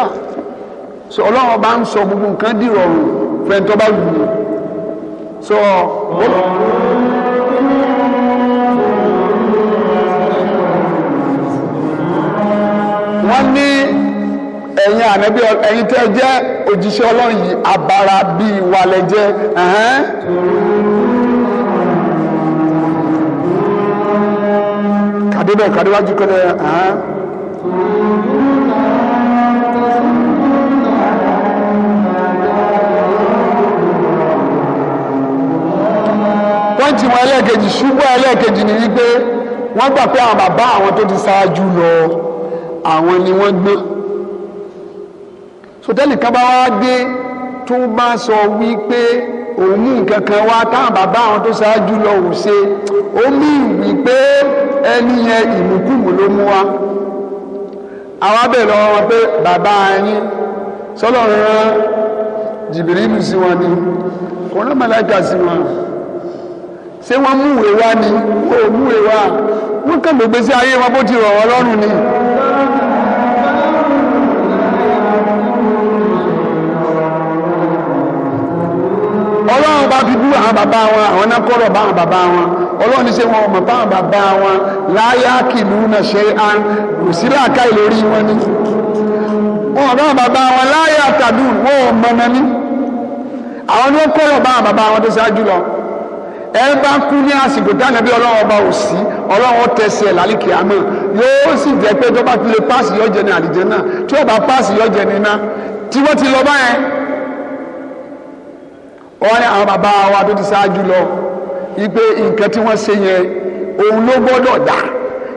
ọlọ́run ọba ń sọ gbogbo nǹkan dìrọ̀rùn fẹ́ntọ́ bá wù ú so wọ́n. wọ́n ní ẹ̀yin ànábí ẹ̀yin tẹ́ jẹ́ òjíṣẹ́ ọlọ́run yìí abara bíi ìwàlẹ̀ jẹ́ kàdébẹ̀ kàdéwájú kọ́lẹ̀ ẹ̀hán. pọ́ǹtì wọn ẹlẹ́ẹ̀kejì ṣùgbọ́n ẹlẹ́ẹ̀kejì ni wípé wọ́n gbà pé àwọn bàbá àwọn tó ti ṣáájú lọ àwọn ni wọ́n gbé sọtẹ́lì kan bá wá dé tó bá sọ wípé òun mú nǹkan kan wá táwọn bàbá àwọn tó ṣáájú lọ ò ṣe ó mú wípé ẹni yẹn ìmùkùmù ló mú wá àwọn abẹ́rẹ́ lọ́wọ́ wọn pé bàbá yín sọlọ́run jìbìrì ìlú sí wọn ni kò rán màláìka sí wọn ṣé wọ́n mú ìwé wá ni wọ́n ò mú ìwé wá wọ́n kàn gbogbo sí ayé wọn bó ti rọ̀ wọ́n lọ́rùn ni. ọlọ́run bá fi bú àwọn bàbá wọn àwọn náà kọ́rọ̀ bá àwọn bàbá wọn ọlọ́run ní ṣe wọn ọmọ bá àwọn bàbá wọn láyà kìlú náà ṣe à kò sí làákà ìlórí wọn ni wọn bá àwọn bàbá wọn láyà tàdú wọn ò mọ̀nà ni àwọn ni wọn kọ́rọ̀ bá àwọn bàbá wọn tó ṣáájú lọ ẹ bá kú ní àsìkò dáná bí ọlọ́run ọba ò sí ọlọ́run tẹ̀sí ẹ̀ lálẹ́kì àmọ́ yóò sì jẹ́ pé tó bá fi lè páàsì yóò jẹ ní àlìjẹ náà tí ó bá páàsì yóò jẹ ní iná tí wọ́n ti lọ báyẹn wọ́n ní àwọn bàbá wa tó ti ṣáájú lọ ipe nǹkan tí wọ́n ṣe yẹn òun ló gbọ́dọ̀ dà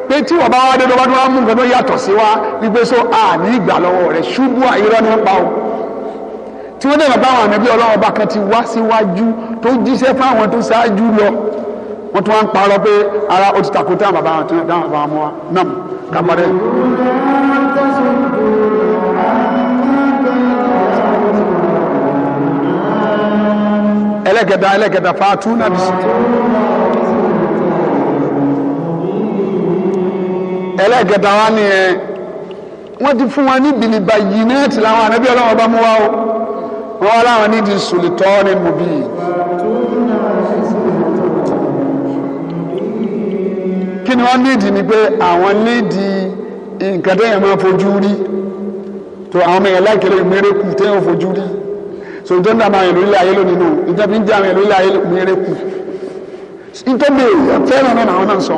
pé tí wọ́n bá wá dé lọ́wọ́ tó wá mú nǹkan tó yàtọ̀ sí wa wípé so àní ìgbà lọ́wọ́ rẹ̀ ṣubú àìrọ́ pa o tí wọ́n dẹ̀rẹ̀ báwọn ànábì ọlọ́run ọba kan ti wá síwájú tó jíṣẹ́ fáwọn tó ṣáájú lọ wọ́n tún wá ń parọ́ pé ara ó ti takò táwọn bàbá wọn dáhùn bàbá wọn náà kápẹ́rẹ́. ẹlẹ́gẹ̀dá ẹlẹ́gẹ̀dá fàtú náà bìsí. ẹlẹ́gẹ̀dá wa ni ẹ wọ́n ti fún wa ní bìlìbà náà ti làwọn ànábì ọlọ́run ọba mú wa o wọ́n wá láwọn nídìí sùlìtọ́ ní mùbí. kí ni wọ́n nídìí ni pé àwọn nídìí nǹkan tẹ́yìn máa fojú rí tó àwọn ọmọ yẹn láìkẹ́lẹ́ mérekù tẹ́yìn fojú rí so ìjọ náà máa yẹn lórí ayé lónìí nù ìjọ fi ń jẹ́ àwọn yẹn lórí ayé mérekù nítorí fẹ́ràn náà àwọn náà sọ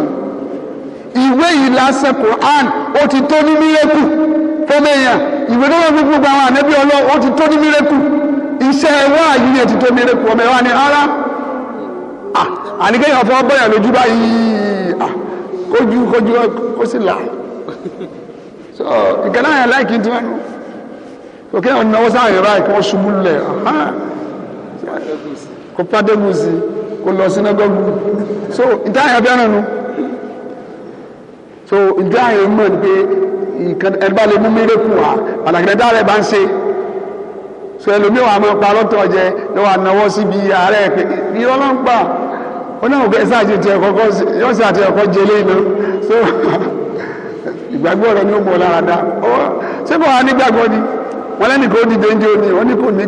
ìwé yìí lásán Quran ó ti tó ní mérekù fọmọ èèyàn ìwé tó wọ́n fi gbogbo àwọn ànábì ọlọ́ ó ti tó ní mérekù iṣẹ́ wá yìí ẹ̀ ti tó mèrè kù ní ara ah, àníkéyàn fọ́ bọ́yà lójú báyìí ah, kójú kójú kó sì là so ìkànnì àyàn láìkí tí wọ́n nù òkè àwọn ìnáwó sáàyè báyìí kí wọ́n ṣubú lẹ̀ kó pàdégùsì kó lọ sínágọ́gù so ìtàyà bẹ́ẹ̀ nù so ìtàyà mọ̀ ní pé ẹ̀dá lè mú mèrè kù wá pàtàkì ẹ̀dá rẹ̀ bá ń ṣe. so elu wà máa parọ́ tọ̀ jẹ ló wà náwó síbi ààrẹ pé irọ́ ló ń pa ó ọ sáàjì tiẹ̀ ọkọ yóò sì àti ẹ̀kọ́ jẹlé iná so ìgbàgbọ́ rẹ ni ó mọ̀ lára dá ṣé kò wá nígbàgbọ́ ni wọn lẹ́nu kò dìde ń wọn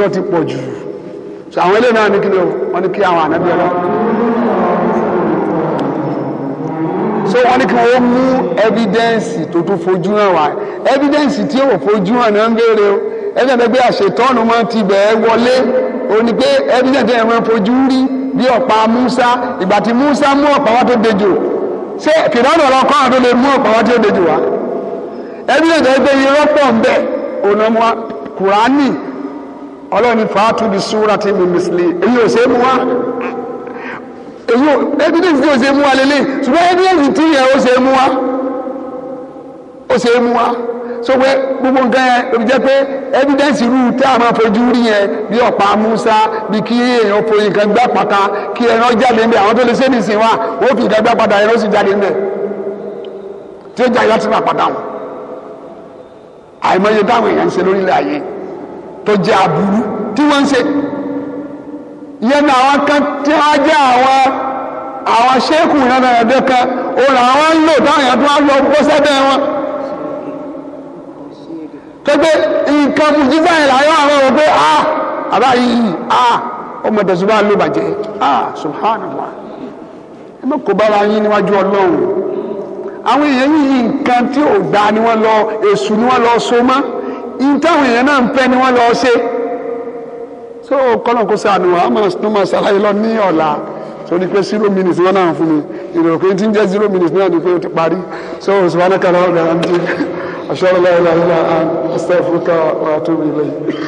ti àwọn eléyìí náà ní kí ni wọn ní kí àwọn wọ́n ní kí wọ́n mú ẹ́fídẹ́ǹsì tó tún fojú hàn wá ẹ́fídẹ́ǹsì tí ò fojú hàn náà ń béèrè o ẹ̀fẹ̀ bẹ́ẹ̀ pé àṣetọ́nu máa ti bẹ̀ẹ́ wọlé o ní pé ẹ́fídẹ́ǹsì ẹ̀ máa fojú rí bí ọ̀pá Musa ìgbà tí Musa mú ọ̀pá wá tó dejò ṣé fìdánù ọlọ́kọ́ àwọn tó lè mú ọ̀pá wá tó dejò wá ẹ́fídẹ́ǹsì ẹ̀ pé irọ́ pọ̀ ń bẹ̀ ònàmúwa Kùránì ọlọ́ọ̀ni fàátù bí súra ti mímísìlì èyí ò ṣe é mú wá èyí evidence tí o ṣe mú wa lélẹ̀ ṣùgbọ́n evidence tí yẹn o ṣe mú wa o ṣe mú wa so pé gbogbo nǹkan yẹn ló fi jẹ́ pé evidence irú tí a máa fojú rí yẹn bí ọ̀pá Musa bí kí èèyàn foyín nǹkan gbá pàtà kí ẹran jáde níbẹ̀ àwọn tó lè ṣe nìsín wa ó fi ìdágbá padà ẹran ó sì jáde níbẹ̀ tí ó jáde láti máa padà wọn àìmọye táwọn èèyàn ń ṣe lórílẹ̀ ayé tó jẹ́ aburú tí wọ́n ń ṣe ìyẹn ní àwọn kan tí wọ́n jẹ́ àwọn àwọn ṣéèkù yànnàyàndé kan òun àwọn ń lò táwọn èèyàn tó wá lọ bó sẹ́bẹ̀ wọn. pépé nǹkan mùjísà yẹn làwọn àwọn rò pé a ah, àbá a ah, ọmọ ìdẹ̀sùnmọ́ ló bàjẹ́ a ah, subhanallah ẹ má kó bára yín níwájú ọlọ́run àwọn èèyàn yìí nǹkan tí ò gbà ni wọ́n lọ èṣù ni wọ́n lọ so mọ́ ìtàwọn èèyàn náà ń fẹ́ ni wọ́n lọ ṣe so kọ́nà kó sànù wa ló máa ṣàlàyé lọ ní ọ̀la so ni pé zero minutes wọn náà fún mi ìrò pé tí ń jẹ́ zero minutes náà ni pé o ti parí so subhanaka Allahumma wa bihamdik ashhadu an la ilaha illa anta astaghfiruka wa atubu ilayk.